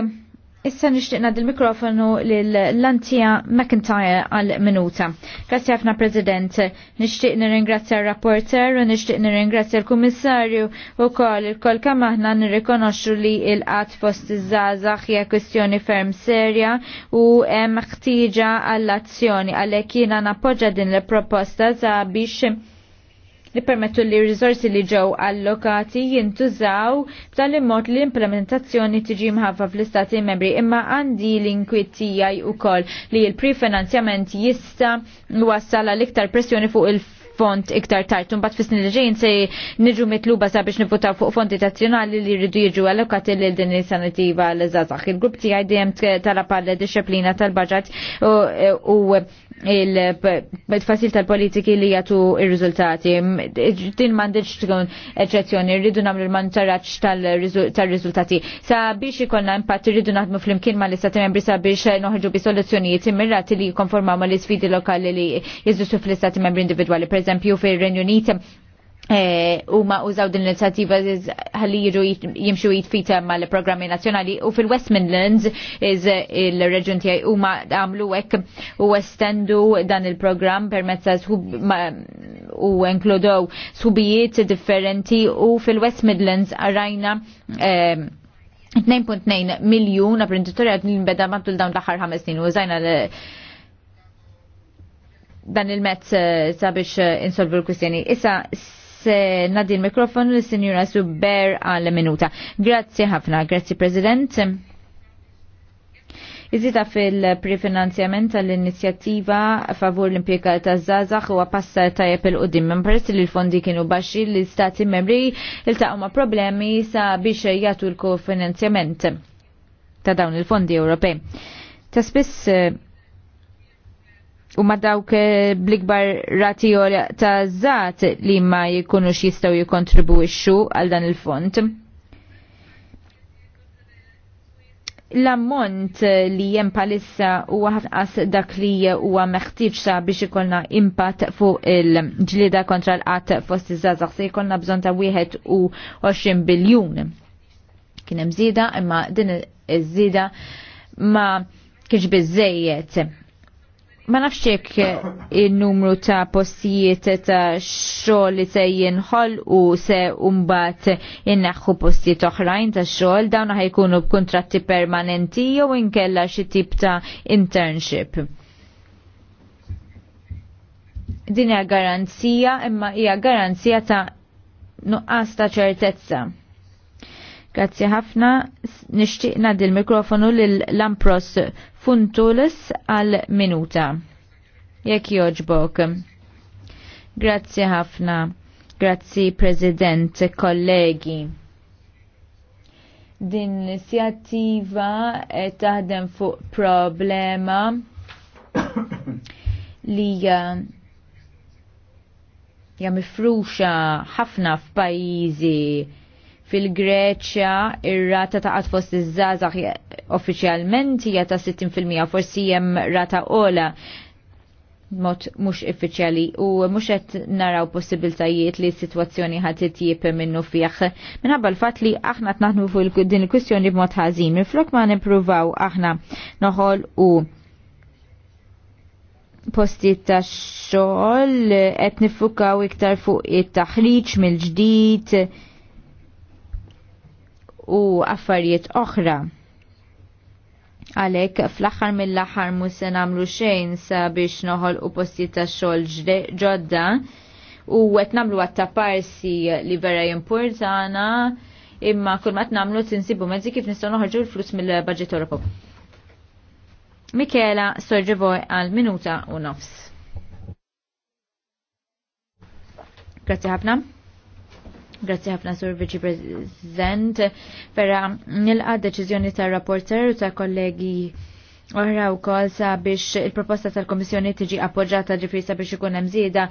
Issa nixtiqna dil-mikrofonu l-Lantija McIntyre għal-minuta. Grazie għafna, President. Nixtieq nirringrazzja l rapporter u nixtieq nirringrazzja l-Kummissarju u kol il kol kemm aħna nirrikonoxxu li l qat fost iż-żgħażagħ hija kwistjoni ferm serja u hemm għall-azzjoni għalhekk ekina nappoġġa din il proposta sabiex li permettu li r-rizorsi li ġew allokati jintużaw b'tali mod li l-implementazzjoni tiġi mħaffa fl-istati membri imma għandi l-inkwiet u koll li l-prefinanzjament jista' wassala l iktar pressjoni fuq il font iktar tard, un bat fissni li ġejn se nirġu mitluba sabiex nivutaw fuq fondi tazzjonali li rridu jiġu allokati l din l-sanativa l-zazax. Il-grupp ti għajdem tal-appa disċeplina tal-bagġat u il-fasil tal-politiki li jgħatu il-rizultati. Din mandiġ tkun eċezzjoni, rridu namlu l-monitoraċ tal-rizultati. Sa biex ikonna impatt rridu naħdmu fl-imkien ma l-istati membri sa biex noħġu bi soluzzjonijiet immirrati li konformaw ma l-sfidi lokali li jizdu fl-istati membri individuali eżempju fir-Renju Unit eh, u ma użaw din l-inizjattiva ħalli jiġu jimxu jitfita ma l-programmi nazjonali u fil-West Midlands iż il-reġun tiegħi u ma għamlu hekk u estendu dan il-programm mezza u inkludow subijiet differenti u fil-West Midlands arajna 2.2 eh, miljun apprenditorjat li nbeda matul dawn l-aħħar ħames snin u żajna dan il-mezz eh, sabiex eh, insolvu l-kwistjoni. Issa se nadi l-mikrofonu l-Sinjura Suber għal minuta. Grazzi ħafna, grazzi President. Iżita fil-prefinanzjament tal-inizjattiva favur l-impieka ta' Zazax huwa għapassa tajjeb il-qudiem minn peress li l-fondi kienu baxxi l-istati membri iltaqgħu ma' problemi sa biex jagħtu l-kofinanzjament ta' dawn il-fondi Ewropej. Ta' spiss eh, u ma dawk eh, blikbar ratio ta' zat li ma jikunux jistaw jikontribuixxu għal dan il-font. L-ammont li jem palissa u għafqas dak li huwa meħtieġ sa biex ikolna impatt fuq il-ġlida kontra l-qatt fost iż-żazax se jkollna bżon ta' wieħed u 20 biljun. Kien hemm imma din iż żida ma kienx bizzejiet ma nafx hekk in-numru ta' postijiet ta' xogħol li se jinħolqu se mbagħad inneħħu postijiet oħrajn ta' xogħol dawn ħajkunu b'kuntratti permanenti jew inkella xi tip ta' internship. Din hija garanzija imma hija garanzija ta' nuqqas ta' ċertezza. Grazzi ħafna, nixtieq ngħaddi l-mikrofonu lil Lampros Funtulis għal minuta. Jekk joġbok. Grazzi ħafna. Grazzi President, kollegi din l-inizjattiva taħdem fuq problema li hija mifruxa ħafna f'pajjiżi Fil-Greċja ir-rata ta' fost iż-żazax uffiċjalment hija ta' 60% forsi hemm rata ola mod mhux uffiċjali u mhux qed naraw possibiltajiet li s-sitwazzjoni ħadd titjieb minnu fih. Minħabba l-fatt li aħna qed naħdmu fuq din il-kwistjoni b'mod ħażin, minflok ma nippruvaw aħna noħol u posti ta' xogħol qed nifukaw iktar fuq it-taħriġ mill-ġdid u affarijiet oħra. Għalek, fl-axar mill-axar mus se namlu xejn sabiex noħol u postijiet ta' xol ġodda u għet namlu għatta parsi li vera importana imma kull ma namlu tinsibu mezzi kif nistaw noħorġu l-flus mill-budget Europa. Mikela Sorġevoj għal minuta u nofs. Grazie ħafna. Grazie ħafna sur Viċi President. Vera nilqa deċiżjoni ta' rapporter u ta' kollegi Oħra u kol sabiex il-proposta tal-Komissjoni tiġi appoġġata ġifri sabiex ikun hemm żieda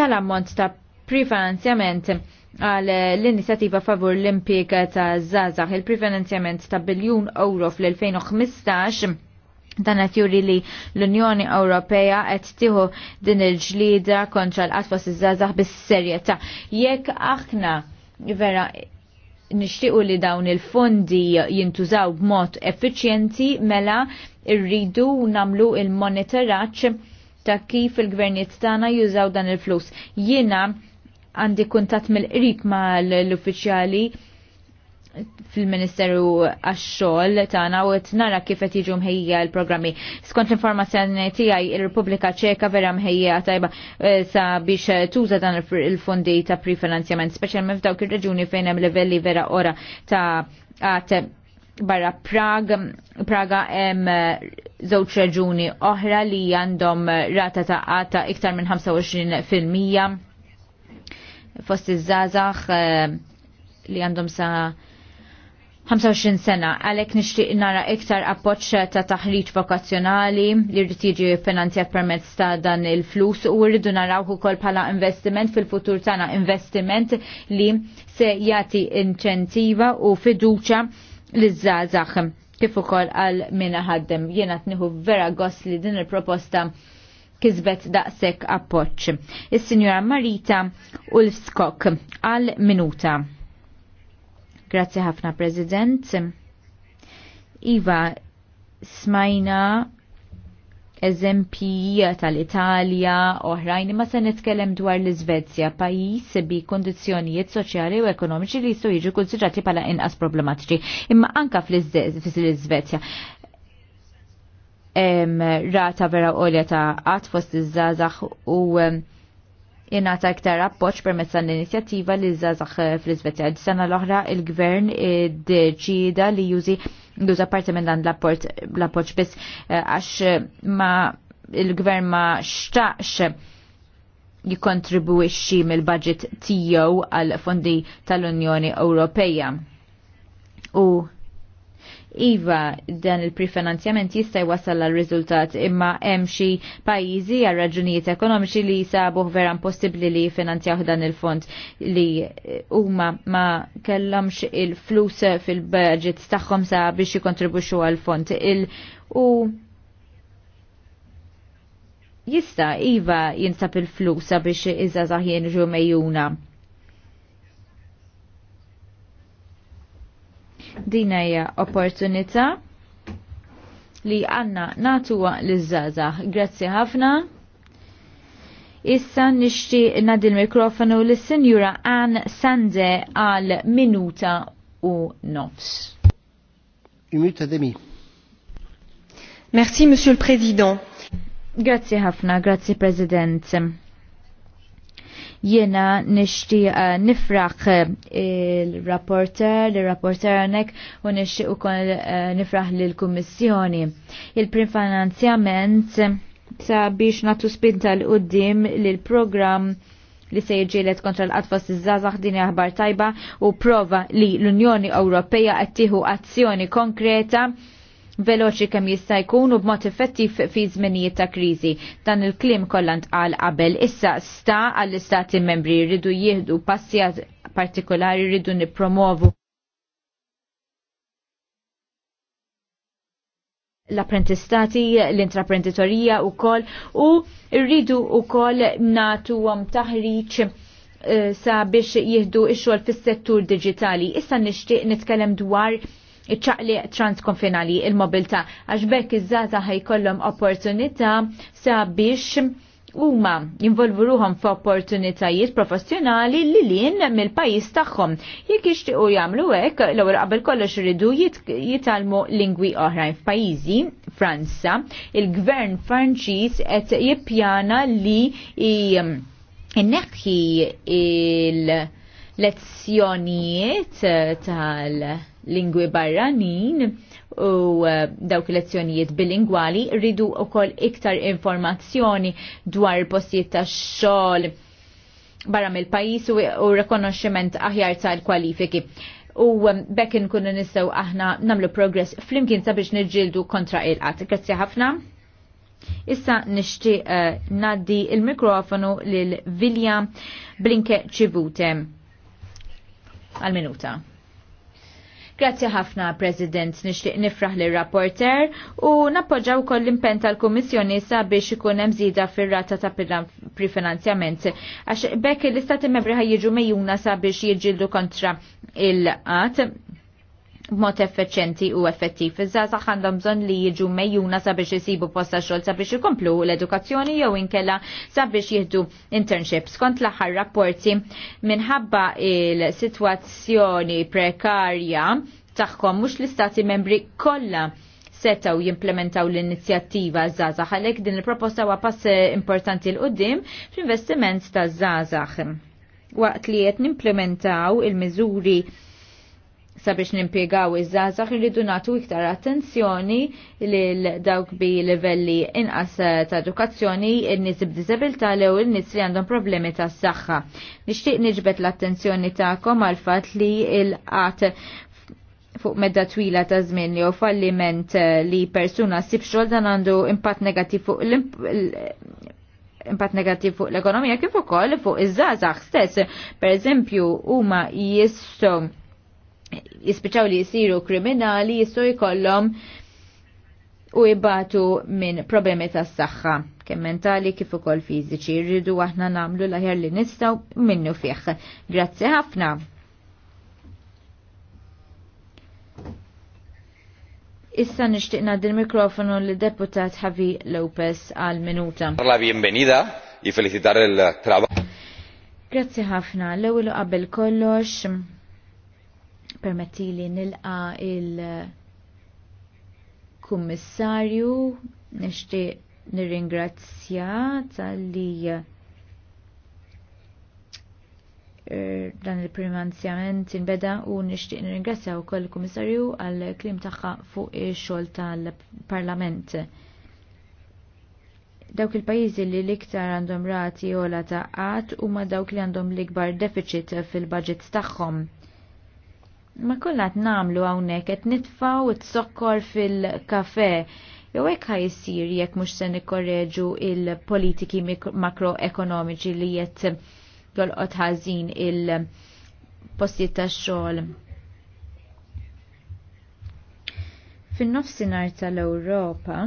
tal-ammont ta' prifinanzjament għal l-inizjativa favur l-impjega ta' Zazax. Il-prifinanzjament ta' biljun euro fl-2015 Dan qed juri li l-Unjoni Ewropea qed tieħu din il-ġlida kontra l-qatfos iż-żgħażagħ bis-serjetà. Jekk aħna vera nixtiequ li dawn il-fondi jintużaw b'mod effiċjenti mela rridu namlu il-monitoraġġ ta' kif il-gvernijiet tagħna jużaw dan il-flus. Jiena għandi kuntat mill-qrib ma' l-uffiċjali fil-Ministeru għax-xogħol tagħna u nara kif qed jiġu mħejja l-programmi. Skont l-informazzjoni tiegħi ir-Repubblika Ċeka vera mħejja tajba eh, sa biex tuża dan il-fondi ta' prefinanzjament, speċjalment f'dawk ir-reġuni fejn hemm livelli vera ora ta' għat barra Prag, Praga hemm eh, żewġ reġuni oħra li għandhom rata ta' għata iktar minn 25% fil-mija fost iż-żazax eh, li għandhom sa' 25 sena, għalek nishtiq nara iktar appoċ ta' taħriġ vokazzjonali li rrid jiġi finanzjat permezz ta' dan il-flus u rridu naraw ukoll bħala investiment fil-futur tagħna investiment li se jagħti inċentiva u fiduċa liż-żgħażagħ kif ukoll għal mina ħaddem. Jiena tnieħu vera gost li din il-proposta kisbet daqshekk appoċ. Is-Sinjora Marita Ulfskok għal minuta. Grazzi ħafna, President. Iva, smajna eżempji tal-Italja oħrajn imma se nitkellem dwar l-Iżvezja, pajjiż bi kondizzjonijiet soċjali u ekonomiċi li jistgħu jiġu kunsidrati bħala inqas problematiċi. Imma anka fl-Iżvezja rata vera olja ta' għat fost iż-żazax u jenata iktar appoċ permezz tal inizjattiva li zazax eh, fl-Izvezja. Sena l-oħra il-gvern eh, id li jużi juża parti minn dan l-appoċ bis eh, għax ma il-gvern ma xtaqx jikontribuixxi mill-budget tiegħu għal fondi tal-Unjoni Ewropeja. U Iva, dan il-prefinanzjament jista' jwassal għal riżultat imma hemm xi pajjiżi għal raġunijiet ekonomiċi li jisabu vera impossibbli li jfinanzjaw dan il-fond li eh, huma ma kellhomx il-flus fil-budgets tagħhom sa biex jikontribwixxu għall fond Il u jista iva jinsab il-flus biex iżazah jinġu mejjuna. Din hija opportunità li għanna natuwa l-żaza. Grazzi ħafna. Issa nixti nadil mikrofonu l-Sinjura Ann Sande għal minuta u nofs. Minuta demi. Merci, Monsieur le Président. Grazie ħafna, grazie Presidente. Jiena nixtieq eh, nifraq eh, il-rapporter, il-rapporter għanek u nixtieq ukoll eh, nifraħ lill-Kummissjoni. Il-prim finanzjament sa biex natu spinta l-qoddim l-program li se jġilet kontra l atfas iż-żazax din aħbar tajba u prova li l-Unjoni Ewropea qed tieħu azzjoni konkreta veloċi kemm jista' jkun u b'mod effettiv fi żminijiet ta' kriżi. Dan il-klim kollha ntqal qabel issa sta għall-istati membri jridu jieħdu passi partikolari jridu nippromovu l-apprentistati, l-intraprenditorija u kol u rridu u kol natu għam taħriċ eh, sa biex jihdu ix-xogħol fis-settur digitali. Issa nixtieq nitkellem dwar iċċaqli transkonfinali il-mobilta għax bekk iż-żata ħajkollhom opportunità sabiex huma jinvolvu ruhom f'opportunitajiet professjonali li lin mill-pajjiż tagħhom. Jekk jixtiequ jagħmlu hekk, l-ewwel qabel kollox iridu jitalmu lingwi oħrajn f'pajjiżi Franza, il-gvern Franċiż qed jippjana li inneħħi il-lezzjonijiet tal- lingwi barranin u eh, dawk lezzjonijiet bilingwali rridu wkoll iktar informazzjoni dwar postijiet ta' xogħol barra mill-pajis u rekonoxximent aħjar tal-kwalifiki. U eh, bekk kunu nistaw aħna nagħmlu progress flimkien sabiex niġġieldu kontra il-qatt. Grazzi ħafna. Issa nixtieq uh, eh, naddi il-mikrofonu lil Vilja Blinke Ċibute. Għal-minuta. Grazzi ħafna, President, nixtieq nifraħ li rapporter u nappoġġaw koll l-impen tal-Kummissjoni sabiex ikun hemm żieda fir-rata ta' prifinanzjament. Għax bekk l-istati membri ħajjiġu mejjuna sabiex jiġġieldu kontra il-qatt b'mod effeċenti u effettiv. Iż-żgħażagħ għandhom bżonn li jiġu mejjuna sabiex isibu posta xogħol sabiex ikomplu l-edukazzjoni jew inkella sabiex jieħdu internships. Kont l-aħħar rapporti minħabba il-sitwazzjoni prekarja tagħhom mhux l-istati membri kollha setaw jimplementaw l-inizjattiva Zazax għalek din il-proposta huwa pass importanti l-qoddim fl-investiment ta' Zazax. Waqt li qed nimplementaw il-miżuri sabiex nimpiegaw iż-żgħażagħ irridu nagħtu iktar attenzjoni lil dawk bi livelli inqas ta' edukazzjoni in-nies b'diżabilità lew in-nies li għandhom problemi ta' saħħa Nixtieq niġbed l-attenzjoni tagħkom għal fatt li l-qatt fuq medda twila ta' żmien jew falliment li persuna ssib xogħol dan għandu impatt negattiv fuq l impatt negattiv fuq l-ekonomija kif ukoll fuq iż żazax stess. Pereżempju huma jistgħu jispiċaw li jisiru kriminali jistu jkollhom u jibbatu minn problemi tas saħħa kemm mentali kif ukoll fiżiċi. Rridu aħna nagħmlu l-aħjar li nistgħu minnu fih. Grazzi ħafna. Issa ngħaddi din mikrofonu lid deputat Javi Lopez għal minuta. Parla bienvenida i felicitar il-trabaħ. Grazzi ħafna. L-ewwel qabel kollox permetti li nilqa il-kummissarju nishti nirringrazzja tal-li er, dan il-primanzjament inbeda u nishtiq nirringrazzja u koll kummissarju għal klim tagħha fuq ix-xogħol tal-Parlament. Dawk il-pajjiżi li l-iktar għandhom rati ola ta' qatt huma dawk li għandhom l-ikbar deficit fil-budgets tagħhom ma kullat namlu għawnek, et nitfaw it-sokkor fil-kafe. Jew hekk ħajsir jekk mhux se ikorreġu il-politiki makroekonomiċi li qed jolqot ħażin il postiet tax-xogħol. Fin-nofsinhar tal-Ewropa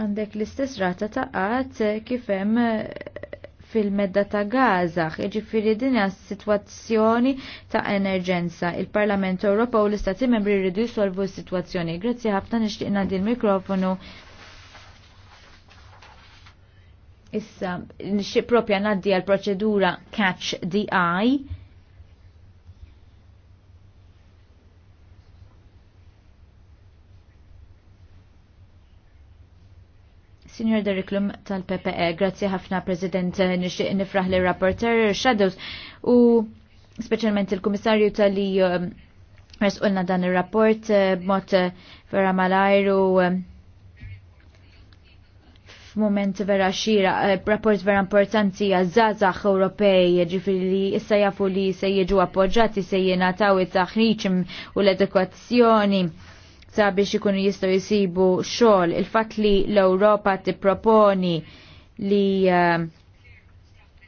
għandek l-istess rata ta' qatt kif hemm fil-medda ta' Gaza, ġifiri din situazzjoni ta' emerġenza. Il-Parlament Ewropa u l-Istati membri rridu jisolvu s-situazzjoni. Grazie ħafna nixtieqna din mikrofonu Issa, nixtieq propja naddi għal proċedura Catch the Eye. Signor Deriklum tal-PPE, grazzi ħafna President nixtieq nifraħ li rapporter Shadows u speċjalment il-Kummissarju tal-li um, resqulna dan ir-rapport uh, b'mod uh, vera malajr u um, f'mument vera xira, uh, rapport vera importanti għazzazax Ewropej, ġifiri li issa jafu li se jieġu appoġġati se jenataw it taħriċim u l-edukazzjoni sabiex ikunu jistgħu jisibu xogħol. Il-fatt li l-Ewropa tipproponi li eh,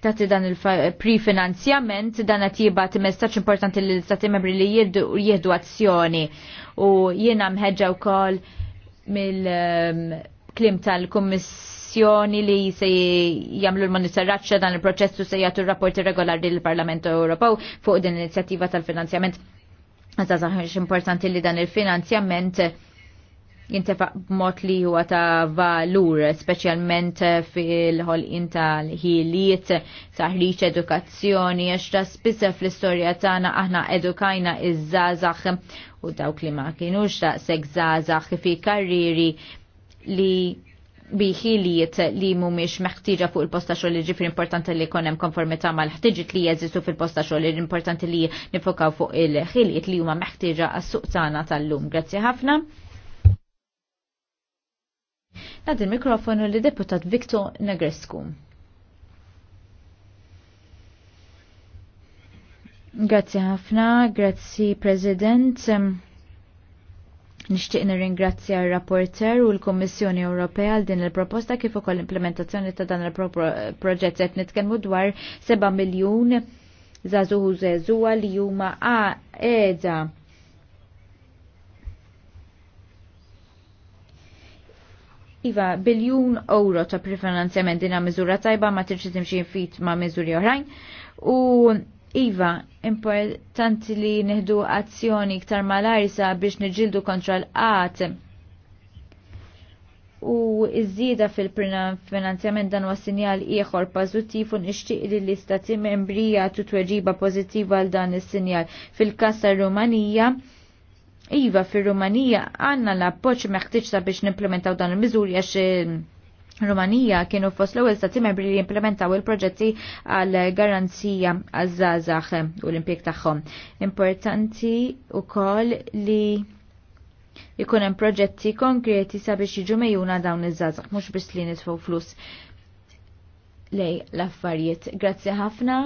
tagħti dan il-prefinanzjament dan qed jibgħat messaġġ importanti li l-istati membri li jieħdu azzjoni u jiena mħeġġa wkoll mill-klim ehm, tal-Kummissjoni li se jagħmlu l monitoraċċa dan il-proċessu se jagħtu rapporti regolari l-Parlament Ewropew fuq din l-inizjattiva tal-finanzjament Għazza zaħħiex importanti li dan il-finanzjament jintefaq b'mod li huwa ta' valur, speċjalment fil inta tal-ħiliet, taħriġ edukazzjoni, għax ta' fl-istorja tagħna aħna edukajna iż żazax u dawk li ma kienux ta' seg żazax fi karriri li biħiliet li mumiex meħtieġa fuq il-posta xogħol li ġifri importanti li jkun hemm konformità mal-ħtiġit li jeżistu fil-posta xogħol importanti li nifokaw fuq il-ħiliet li huma meħtieġa għas suqtana tal-lum. Grazzi ħafna. Nad il-mikrofonu li deputat Viktor Negrescu. Grazzi ħafna, grazzi President. Nixtieq nirringrazzja r-rapporter u l-Kummissjoni Ewropea għal din il-proposta kif ukoll implementazzjoni ta' dan il-proġett qed nitkellmu dwar 7 miljun zazu zezuwa li huma eda. Iva, biljun euro ta' prefinanzjament dina miżura tajba ma tirċi timxin fit ma' miżuri oħrajn u Iva, importanti li neħdu azzjoni iktar malarsa biex niġildu kontra l-qat u iż-żieda fil-finanzjament dan was sinjal ieħor pożittiv u nixtieq li l-istati membri jagħtu tweġiba pożittiva għal dan is-sinjal. Fil-każ rumanija iva fir-Rumanija għandna l-appoġġ meħtieġ sabiex nimplementaw dan il-miżuri għax Rumanija kienu fost l-ewwel stati membri li implementaw il-proġetti għal garanzija għaż-żgħażagħ u l-impjeg tagħhom. Importanti wkoll li jkun hemm proġetti konkreti sabiex jiġu mejjuna dawn iż-żgħażagħ mhux biss li nitfgħu flus lej l-affarijiet. Grazzi ħafna.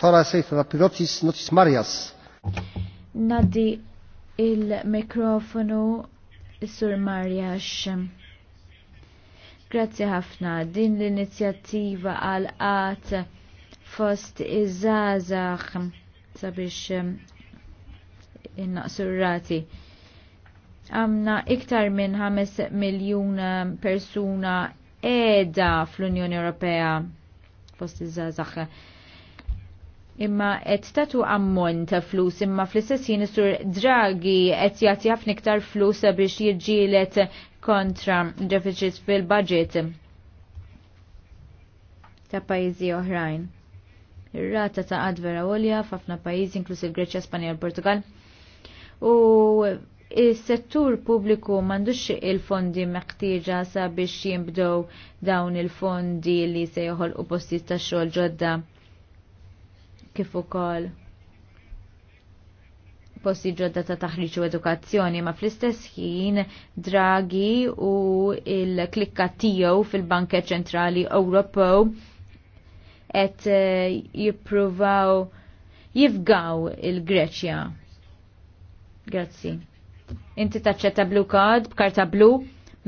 Tara sejta da pilotis notis Marjas. Naddi il-mikrofonu Sur Marjax. Grazzi ħafna. Din l-inizjattiva għal qat fost iż-żazax sabiex um, innaqsu rati għamna iktar minn 5 miljun um, persuna edha fl-Unjoni Ewropea fost iż-żazax imma qed tatu ammont ta' flus imma fl-istess jien sur Draghi qed jagħti ħafna iktar flus biex jiġġielet kontra deficit fil-budget ta' pajjiżi oħrajn. Ir-rata ta' advera olja f'ħafna pajjiżi inklus il-Greċja, Spanja u Portugal. U is-settur pubbliku m'għandux il-fondi meħtieġa sabiex jinbdew dawn il-fondi li se joħolqu postijiet ta' xogħol ġodda kif ukoll posti ġodda ta' taħriġ u edukazzjoni, ma fl-istess ħin Draghi u il-klikka tiegħu fil-Banket Ċentrali Ewropew qed eh, jippruvaw jifgaw il-Greċja. Grazzi. Inti taċċetta blu kod, b'karta blu,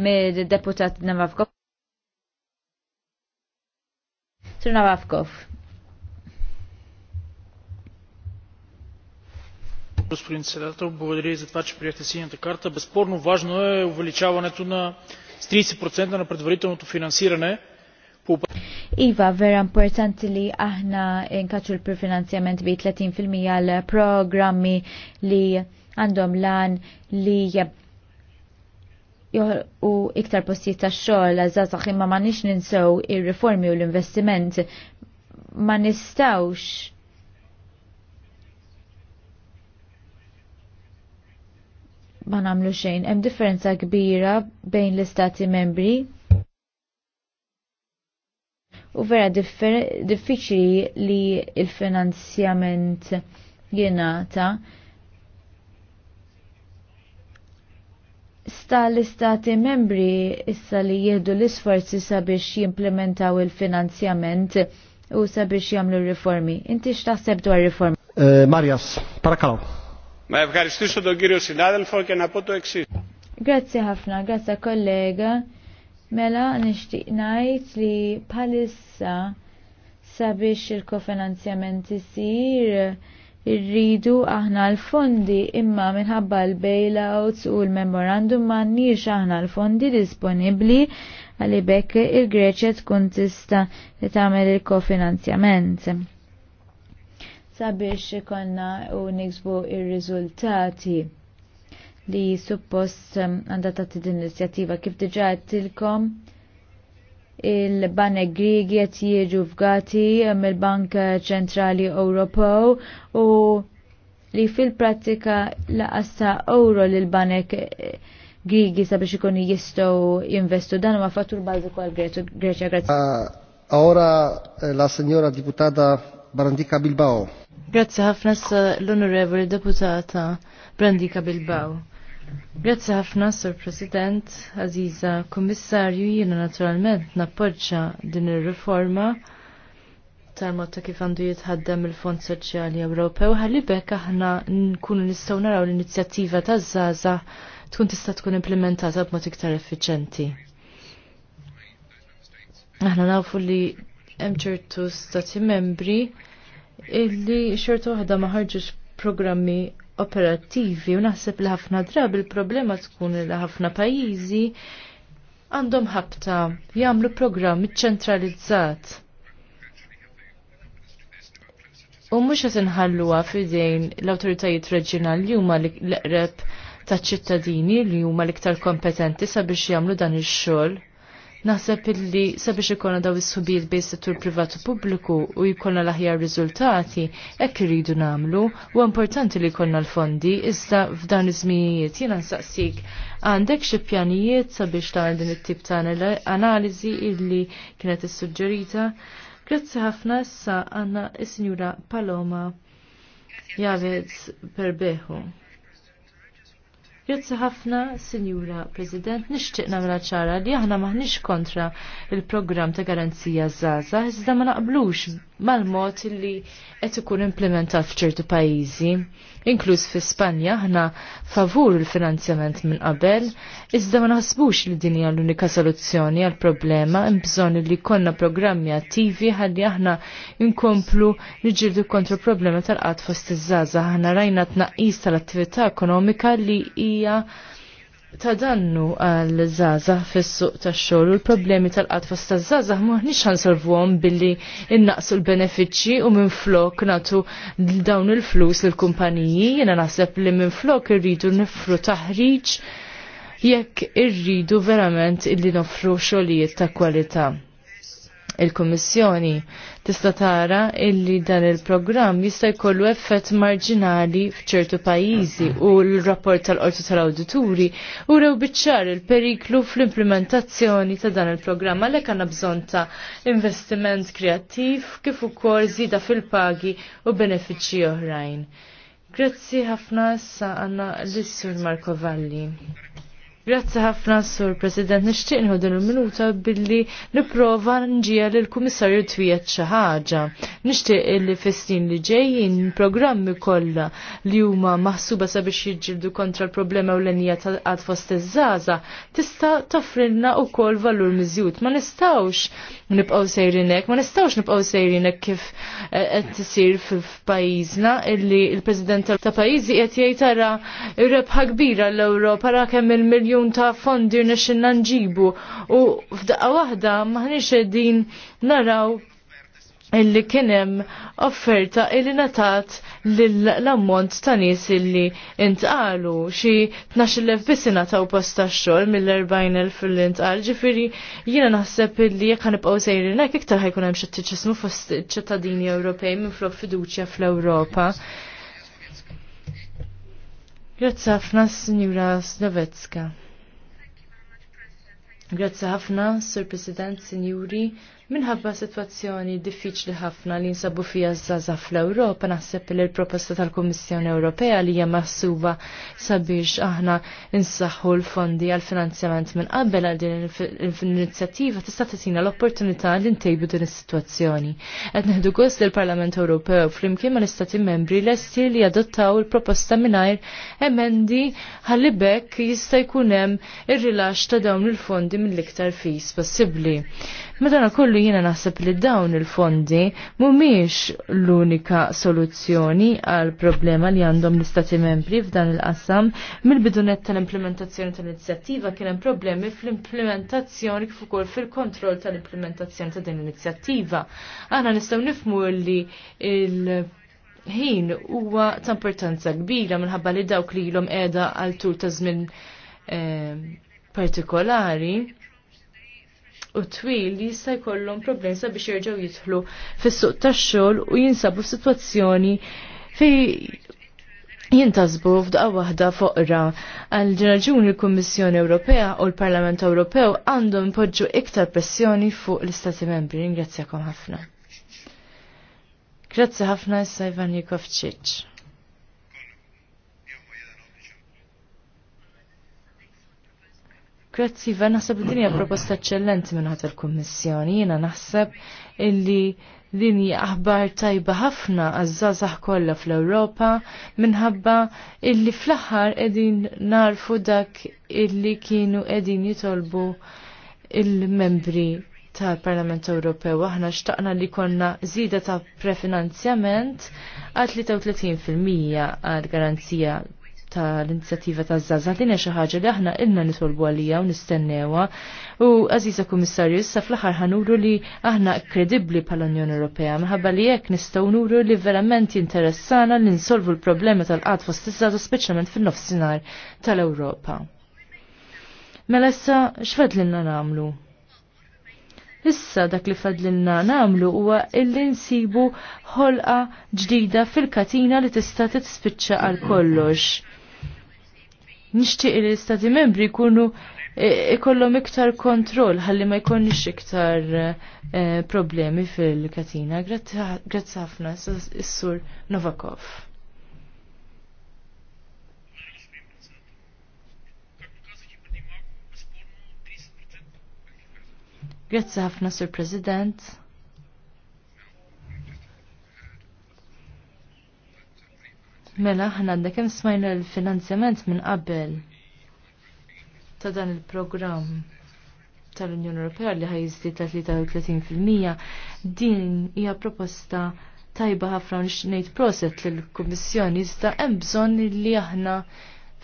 mid-deputat Navavkov. Sir Navavkov. Господин председател, благодаря и за това, че приехте синята карта. Безспорно важно е увеличаването на с 30% на предварителното финансиране. Iva, vera importanti li aħna nkaċu l-prefinanzjament bi 30% għal-programmi li għandhom lan li u iktar postijiet ta' xogħol għażażax imma ma nix ninsew ir-riformi u l-investiment ma nistawx ma nagħmlu xejn. Hemm differenza kbira bejn l-istati membri u vera diffiċli li il-finanzjament jenata sta l-istati membri issa li jieħdu l-isforzi sabiex jimplementaw il-finanzjament u sabiex jagħmlu riformi. Inti x'taħseb dwar riformi? Eh, Marjas, parakalaw. Ma ευχαριστήσω τον κύριο συνάδελφο και να πω το εξή. Grazie ħafna, grazie kollega. Mela nixtieq ngħid li bħalissa sabiex il kofinanzjamenti isir irridu aħna l-fondi imma minħabba l-bailouts u l-memorandum m'għandniex aħna l-fondi disponibbli għalibek il-Greċja tkun tista' li tagħmel il-kofinanzjament sabiex ikonna u niksbu ir-riżultati li suppost um, għandha tagħti din l-inizjattiva kif diġà tilkom il-banek grigi qed jiġu f'gati um, mill-Bank Ċentrali Ewropew u li fil-prattika laqassa euro l banek Grigi sabiex ikunu jistgħu jinvestu dan huwa fattur bażiku għal Greċja. Grazzi. Ah, Ora eh, la signora diputata Brandika Bilbao. Grazzi ħafna l-Onorevoli Deputata Brandika Bilbao. Grazzi ħafna, Sir President, Aziza Kommissarju, jiena naturalment nappoġġa din ir-riforma tal-mod ta' kif għandu jitħaddem il-Fond Soċjali Ewropew, ħallibek aħna nkunu nistgħu naraw l-inizjattiva taż Zaza tkun tista' tkun implementata b'mod iktar effiċenti. Aħna nafu li hemm ċertu stati membri illi xorta waħda ma ħarġux programmi operattivi u naħseb li ħafna drab il-problema tkun li ħafna pajjiżi għandhom ħabta jagħmlu programmi ċentralizzat. U mhux qed inħalluha f'idejn l-awtoritajiet reġjonali huma l qreb taċ-ċittadini li huma l-iktar kompetenti sabiex jagħmlu dan ix-xogħol. Naħseb illi sabiex ikollna daw is-subil bejn settur privatu pubbliku u jkollna l-aħjar riżultati, hekk iridu nagħmlu u importanti li jkollna l-fondi iżda f'dan iż-żminijiet jiena nsaqsik għandek xi pjanijiet sabiex tagħmel din it-tip ta' analiżi illi kienet issuġġerita. Grazzi ħafna issa għandna is-Sinjura Paloma Javez Perbeħu. Jozza ħafna, Sinjura President, nixtieq nagħmilha ċara li aħna maħniex kontra il-programm ta' garanzija zaza, iżda ma naqblux mal-mod li qed ikun implementat f'ċertu pajjiżi. Inkluż fi Spanja aħna favur il-finanzjament minn qabel, iżda ma naħsbux li din hija l-unika soluzzjoni għal problema hemm bżonn li konna programmi attivi ħalli aħna nkomplu niġġieldu kontra problema tal-qatt fost iż żaża Aħna rajna tnaqqis tal-attività ekonomika li hija ta' dannu għal zaza fis-suq tax-xogħol u l-problemi tal-qatfas taż-żgħażagħ maħniex ħansolvuhom billi innaqsu l-benefiċċji u minflok nagħtu dawn il-flus l kumpaniji jiena naħseb li minflok irridu nifru taħriġ jekk irridu verament illi nofru xogħlijiet ta' kwalità il-Kommissjoni tista' tara illi dan il-programm jista' jkollu effett marġinali f'ċertu pajjiżi u l-rapport tal-Qorti tal-Awdituri urew biċċar il-periklu fl-implementazzjoni ta' dan il-programm għalhekk għandna bżonn ta' investiment kreattiv kif ukoll żieda fil-pagi u benefiċċji oħrajn. Grazzi ħafna sa' għandna l issur Marko Valli. Grazzi ħafna, Sur President. Nixtieq nħu din il-minuta billi nipprova nġija l kummissarju twiet xi ħaġa. Nixtieq li festin li ġejjin programmi kollha li huma maħsuba sabiex jiġġieldu kontra l-problema ewlenija tal-qad fost iż-żaża tista' toffrilna wkoll valur miżjud. Ma nistgħux nibqgħu sejrin hekk, ma nistgħux nibqgħu sejrin hekk kif eh, qed tisir f'pajjiżna illi l-President ta' pajjiżi qed jgħid tara rebħa kbira l-Ewropa ra kemm il miljon ta' fondi nexinna nġibu u f'daqqa waħda maħniex qegħdin naraw illi kienem offerta illi natat l-ammont ta' nis illi intqalu xi 12.000 biss ingħataw posta xogħol mill-40.000 li intqal ġifieri jiena naħseb illi jekk ipqaw sejrin hekk iktar ħajkun hemm xi tiċismu fost ċittadini Ewropej minflok fiduċja fl-Ewropa. Grazie ħafna, Signora Slovetska. Grazie ħafna, Sir President, Signori. Minħabba situazzjoni diffiċli ħafna li nsabu fija zaza fl-Ewropa, naħseb li l-proposta tal-Kummissjoni Ewropea li hija maħsuba sabiex aħna insaħħu l-fondi għal finanzjament minn qabel għal din l-inizjattiva tista' tisina l-opportunità li ntejbu din is-sitwazzjoni. Qed neħdu gost lill parlament Ewropew flimkien mal-Istati membri lesti li adottaw il-proposta mingħajr emendi ħalli bekk jista' jkun hemm ir-rilax ta' dawn il-fondi mill-iktar fis possibbli. Madana kollu jiena naħseb li dawn il-fondi mhumiex l-unika soluzzjoni għal problema li għandhom l-istati membri f'dan il-qassam. Mill-bidunet tal-implementazzjoni tal-inizjattiva kien hemm problemi fl-implementazzjoni kif ukoll fil-kontroll tal-implementazzjoni ta' din l-inizjattiva. Aħna nistgħu nifmu li il- ħin huwa ta' importanza kbira minħabba li dawk li l qiegħda għal tul ta' żmien eh, partikolari u twil li jista' jkollhom problemi sabiex jerġgħu jidħlu fis-suq tax-xogħol u jinsabu f'sitwazzjoni fej jintasbu f'daqqa waħda foqra. Għal raġuni l-Kummissjoni Ewropea u l-Parlament Ewropew għandhom poġġu iktar pressjoni fuq l-Istati Membri. Ringrazzjakom ħafna. Grazzi ħafna Sajvan Ivan Grazzi, va naħseb li dinja proposta eccellenti minn ħadd il-Kummissjoni. Jiena naħseb illi din aħbar tajba ħafna għaż-żgħażagħ kollha fl-Ewropa minħabba illi fl-aħħar qegħdin narfu dak illi kienu qegħdin jitolbu il-membri tal-Parlament Ewropew aħna xtaqna li konna zida ta' prefinanzjament għal 33% għal garanzija tal-inizjattiva ta' Zaza li xi ħaġa li aħna ilna nitolbu għalija u nistennewa. U Aziza Kummissarju, issa fl-aħħar ħanuru li aħna kredibbli pal Unjoni Ewropea minħabba li jekk nistgħu nuru li verament jinteressana li nsolvu l-problema tal-qatt fost iż speċjalment fin-nofsinhar tal-Ewropa. Mela issa x'fadlilna nagħmlu? Issa dak li fadlilna namlu huwa illi nsibu ħolqa ġdida fil-katina li tista' titspiċċa għal kollox nixtieq li l-istati membri jkunu e, ikollhom iktar kontroll ħalli ma jkunx iktar e, problemi fil-katina. Grazzi ħafna, is-sur Novakov. Grazzi ħafna, Sur President. Mela ħna għandna kemm smajna l-finanzjament minn qabel ta' dan il-programm tal-Unjoni Ewropea li ħajżdi ta' 33% din hija proposta tajba ħafna u ngħid proset lill-Kummissjoni iżda hemm bżonn li aħna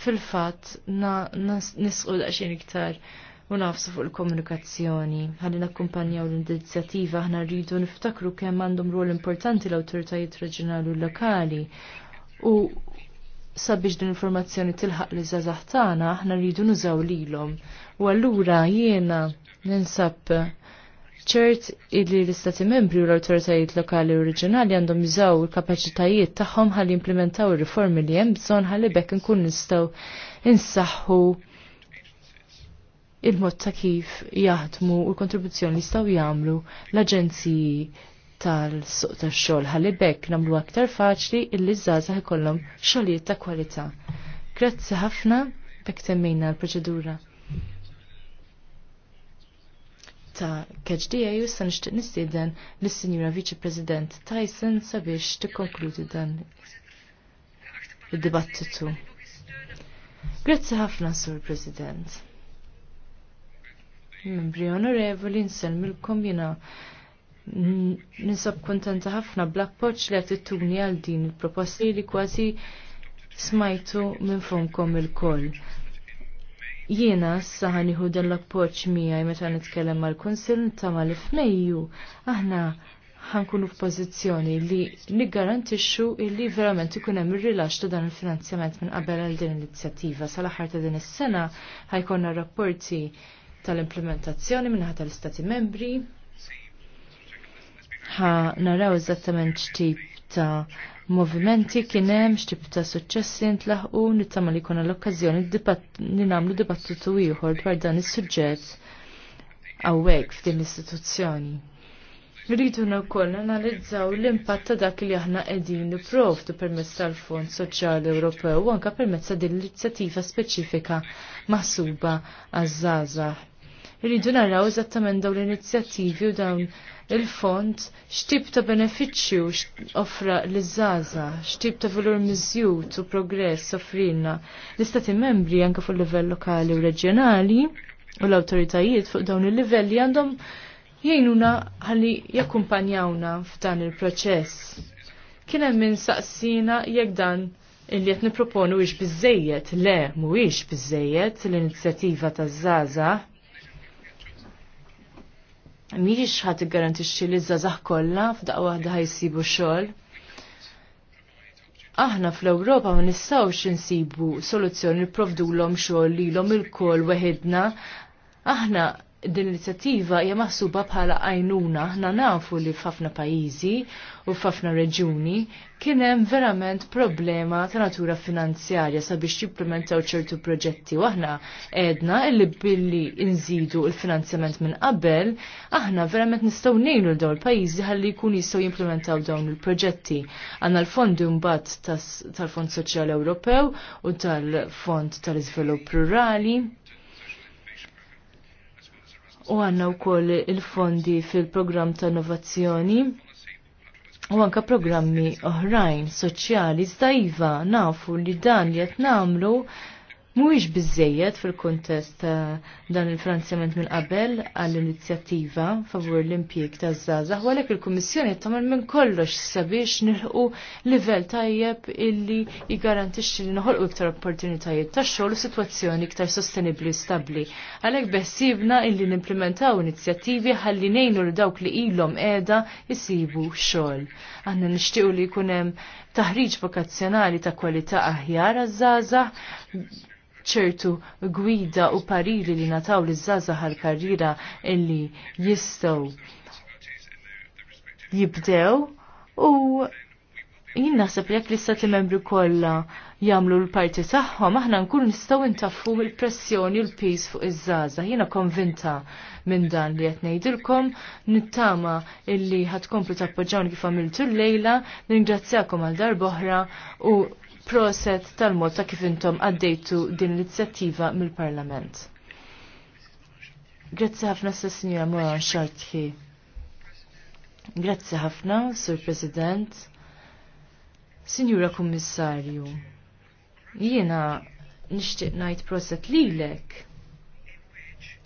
fil-fatt nisqu daqsxejn iktar u nafsu fuq il-komunikazzjoni. Ħalli nakkumpanjaw l-inizjattiva aħna rridu niftakru kemm għandhom rol importanti l-awtoritajiet reġjonali u lokali u sabiex din informazzjoni tilħaq li żgħażagħ tagħna aħna rridu nużaw lilhom. U allura jiena ninsab ċert illi l-istati membri u l-autoritajiet lokali u reġjonali għandhom jużaw il-kapaċitajiet tagħhom ħalli implementaw ir-riformi li hemm bżonn ħalli bekk inkun nistgħu insaħħu il-mod ta' kif jaħdmu u l-kontribuzzjoni li jistgħu jagħmlu l-aġenziji tal-suq tax-xogħol ħalli bekk nagħmlu aktar faċli illi żgħażagħ ikollhom xogħlijiet ta' kwalità. Grazzi ħafna bekk temmejna l-proċedura ta' KHDA u san nishtiq nistieden l-Sinjura Viċi President Tyson sabiex tikkonkludi dan id-dibattitu. Grazzi ħafna, Sur President. Membri onorevoli, nsellmilkom jina ninsab kontenta ħafna Blackpoach li għat ittuni għal din il-proposti li kważi smajtu minn fomkom il-koll. Jiena saħaniħu dan l-appoċ miegħi meta nitkellem mal-Kunsil ta' mal-fmejju aħna ħankunu f'pożizzjoni li niggarantixxu illi verament ikun hemm ir-rilax ta' dan il-finanzjament minn qabel għal din l-inizjattiva sal-aħħar ta' din is-sena ħajkonna rapporti tal-implementazzjoni ħata tal-Istati Membri ħa naraw eżattament x'tip ta' movimenti kien hemm x'tip ta' suċċessi ntlaħqu nittama li jkun l-okkażjoni li nagħmlu dibattitu ieħor dwar dan is-suġġett hawnhekk f'din l-istituzzjoni. Rridu wkoll analizzaw l-impatt ta' dak li aħna qegħdin nipprovdu permezz tal-Fond Soċjali Ewropew u anke permezz ta' din l-inizjattiva speċifika maħsuba għaż-żgħażagħ. Rridu naraw eżattament dawn l-inizjattivi u dawn il-fond x'tip ta' benefiċċju offra l-żaza, x'tip ta' valur miżjud u progress offrilna l-istati membri anke fuq livell lokali u reġjonali u l-awtoritajiet fuq dawn il-livelli għandhom jgħinuna ħalli jakkumpanjawna f'dan il-proċess. Kien hemm min saqsina jekk dan il-li qed nipproponu ix bizzejiet, le mhuwiex bizzejiet l-inizjattiva taż Zaza, mhijiex ħadd iggarantixxi li żgħażagħ kollha f'daqqa waħda ħajsibu xogħol. Aħna fl-Ewropa ma nistgħux insibu soluzzjoni nipprovdulhom xogħol lilhom il-kol weħidna. Aħna din l-inizjattiva hija maħsuba bħala għajnuna. Aħna nafu li f'ħafna pajjiżi u f'ħafna reġuni kien hemm verament problema ta' natura finanzjarja sabiex jipplementaw ċertu proġetti u aħna edna li billi nżidu l-finanzjament minn qabel, aħna verament nistgħu ngħinu l dawn il-pajjiżi ħalli jkun jistgħu jimplementaw dawn il-proġetti. Għandna l-fondi mbagħad tal-Fond Soċjali Ewropew u tal-Fond tal-Iżvilupp Rurali u għanna u koll il-fondi fil-program ta' innovazzjoni u anka programmi oħrajn soċjali zdajva nafu li dan li jatnamlu namlu mhuwiex biżejjed fil-kuntest ta' dan il-finanzjament minn qabel għall-inizjattiva favur l-impjieg ta' żgħażagħ għalhekk il-Kummissjoni tagħmel minn kollox sabiex nilħu livell tajjeb illi jgarantixxi li noħolqu iktar opportunitajiet ta' xogħol u sitwazzjoni iktar sostenibbli stabbli. Għalhekk beħsibna illi nimplementaw inizjattivi ħalli ngħinu li dawk li ilhom qiegħda jsibu xogħol. Aħna nixtiequ li jkun hemm taħriġ vokazzjonali ta' kwalità aħjar għaż-żgħażagħ ċertu gwida u pariri li nataw li zaza għal-karriera illi jistow jibdew u jien naħseb jekk l-istati membri kollha jagħmlu l-parti tagħhom aħna nkunu nistgħu ntaffu il-pressjoni l pis fuq iż-żaża. Jiena konvinta minn dan li qed ngħidilkom nittama illi ħadkomplu tappoġġawni kif għamiltu l-lejla, ningrazzjakom għal darb oħra u proset tal-mod ta' kif intom għaddejtu din l-inizjattiva mill-Parlament. Grazzi ħafna s-sinjura Moran Xartħi. Grazzi ħafna, Sur President, Sinjura Kummissarju. Jiena nixtieq ngħid proset lilek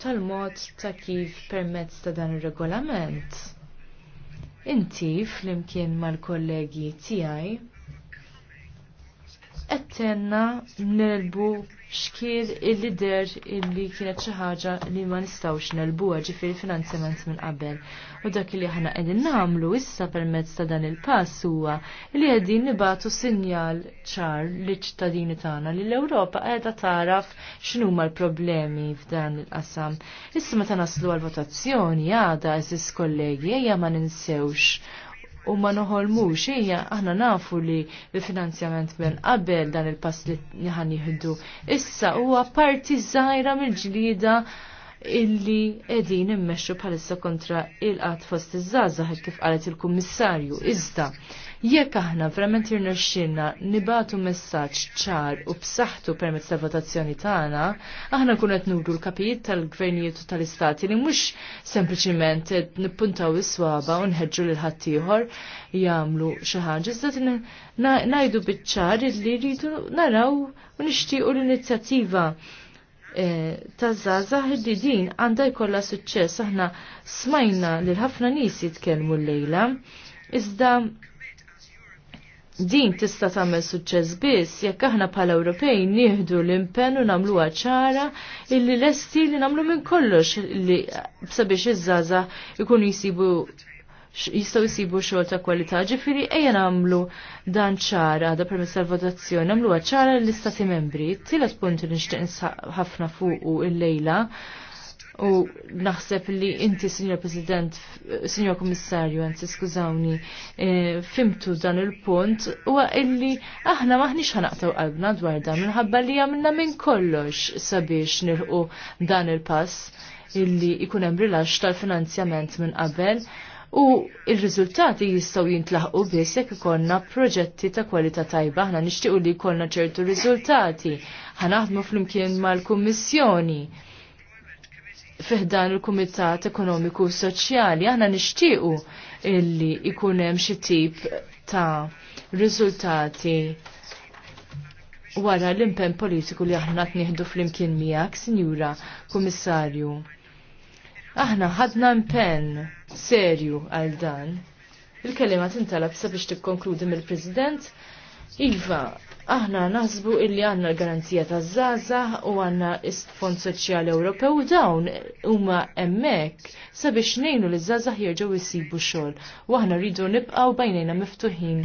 tal-mod ta' kif permezz ta' dan ir-regolament. Inti flimkien mal-kollegi tiegħi għettenna nelbu xkien il-lider illi kienet xi ħaġa li ma nistgħux għagġi fil finanzjament minn qabel. U dak li aħna qegħdin nagħmlu issa permezz ta' dan il-pass huwa li qegħdin nibatu sinjal ċar li ċittadini tagħna li l-Ewropa qiegħda taraf x'inhuma l-problemi f'dan il-qasam. Issa meta naslu għal-votazzjoni għada eżis kollegi ejja ma ninsewx u ma noħolmux hija aħna nafu li l-finanzjament minn qabel dan il-pass li ħan jihdu. Issa huwa parti żgħira mill-ġlida illi edin immexxu bħalissa kontra il-qat fost iż-żgħażagħ kif qalet il-Kummissarju. Iżda, jekk aħna verament irnexxinna nibatu messaġġ ċar u b'saħħtu permezz tal votazzjoni tagħna, aħna nkun qed nuru l-kapijiet tal-gvernijiet u tal-istati li mhux sempliċiment qed nippuntaw is-swaba u nħeġġu lil ħaddieħor jagħmlu xi ħaġa, iżda ngħidu biċ-ċar illi rridu naraw u nixtiequ l-inizjattiva Eh, Tazza, żgħażagħ li din għandha jkollha suċċess aħna smajna lil ħafna nies jitkellmu lejla, iżda din tista' tagħmel suċċess biss jekk aħna bħala Ewropej nieħdu l-impenn u nagħmluha ċara illi lesti li nagħmlu minn kollox li sabiex iż żaza ikun jsibu jistaw jisibu xogħol ta' kwalità. Ġifieri ejja nagħmlu dan ċara da permezz tal-votazzjoni nagħmluha ċara l-istati membri. Tielet punt li nixtieq ħafna fuqu illejla U naħseb li inti, Signor President, Signor Komissarju, għanzi skużawni, e, fimtu dan il-punt, u illi aħna maħni ħanaqtaw qalbna dwar dan, minħabba li għamilna minn kollox sabiex nirqu dan il-pass illi ikunem rilax tal-finanzjament minn qabel u il-riżultati jistgħu jintlaħqu biss jekk ikollna proġetti ta' kwalità tajba aħna nixtiequ li jkollna ċertu riżultati. Ħanaħdmu flimkien mal-Kummissjoni fiħdan il-Kumitat Ekonomiku Soċjali aħna nixtiequ illi ikunem hemm xi tip ta' riżultati wara l-impen politiku li aħna tnieħdu fl-imkien miegħek, Sinjura Kummissarju. Aħna ħadna impenn serju għal dan. Il-kelima tintalab sabiex tikkonkludi mill-President. Iva, aħna naħsbu illi għanna l-garanzija ta' zaza u għanna Fond Soċjali Ewropew dawn huma emmek sabiex nejnu li zaza jirġgħu jisibu xogħol u aħna rridu nibqgħu bajnejna miftuħin.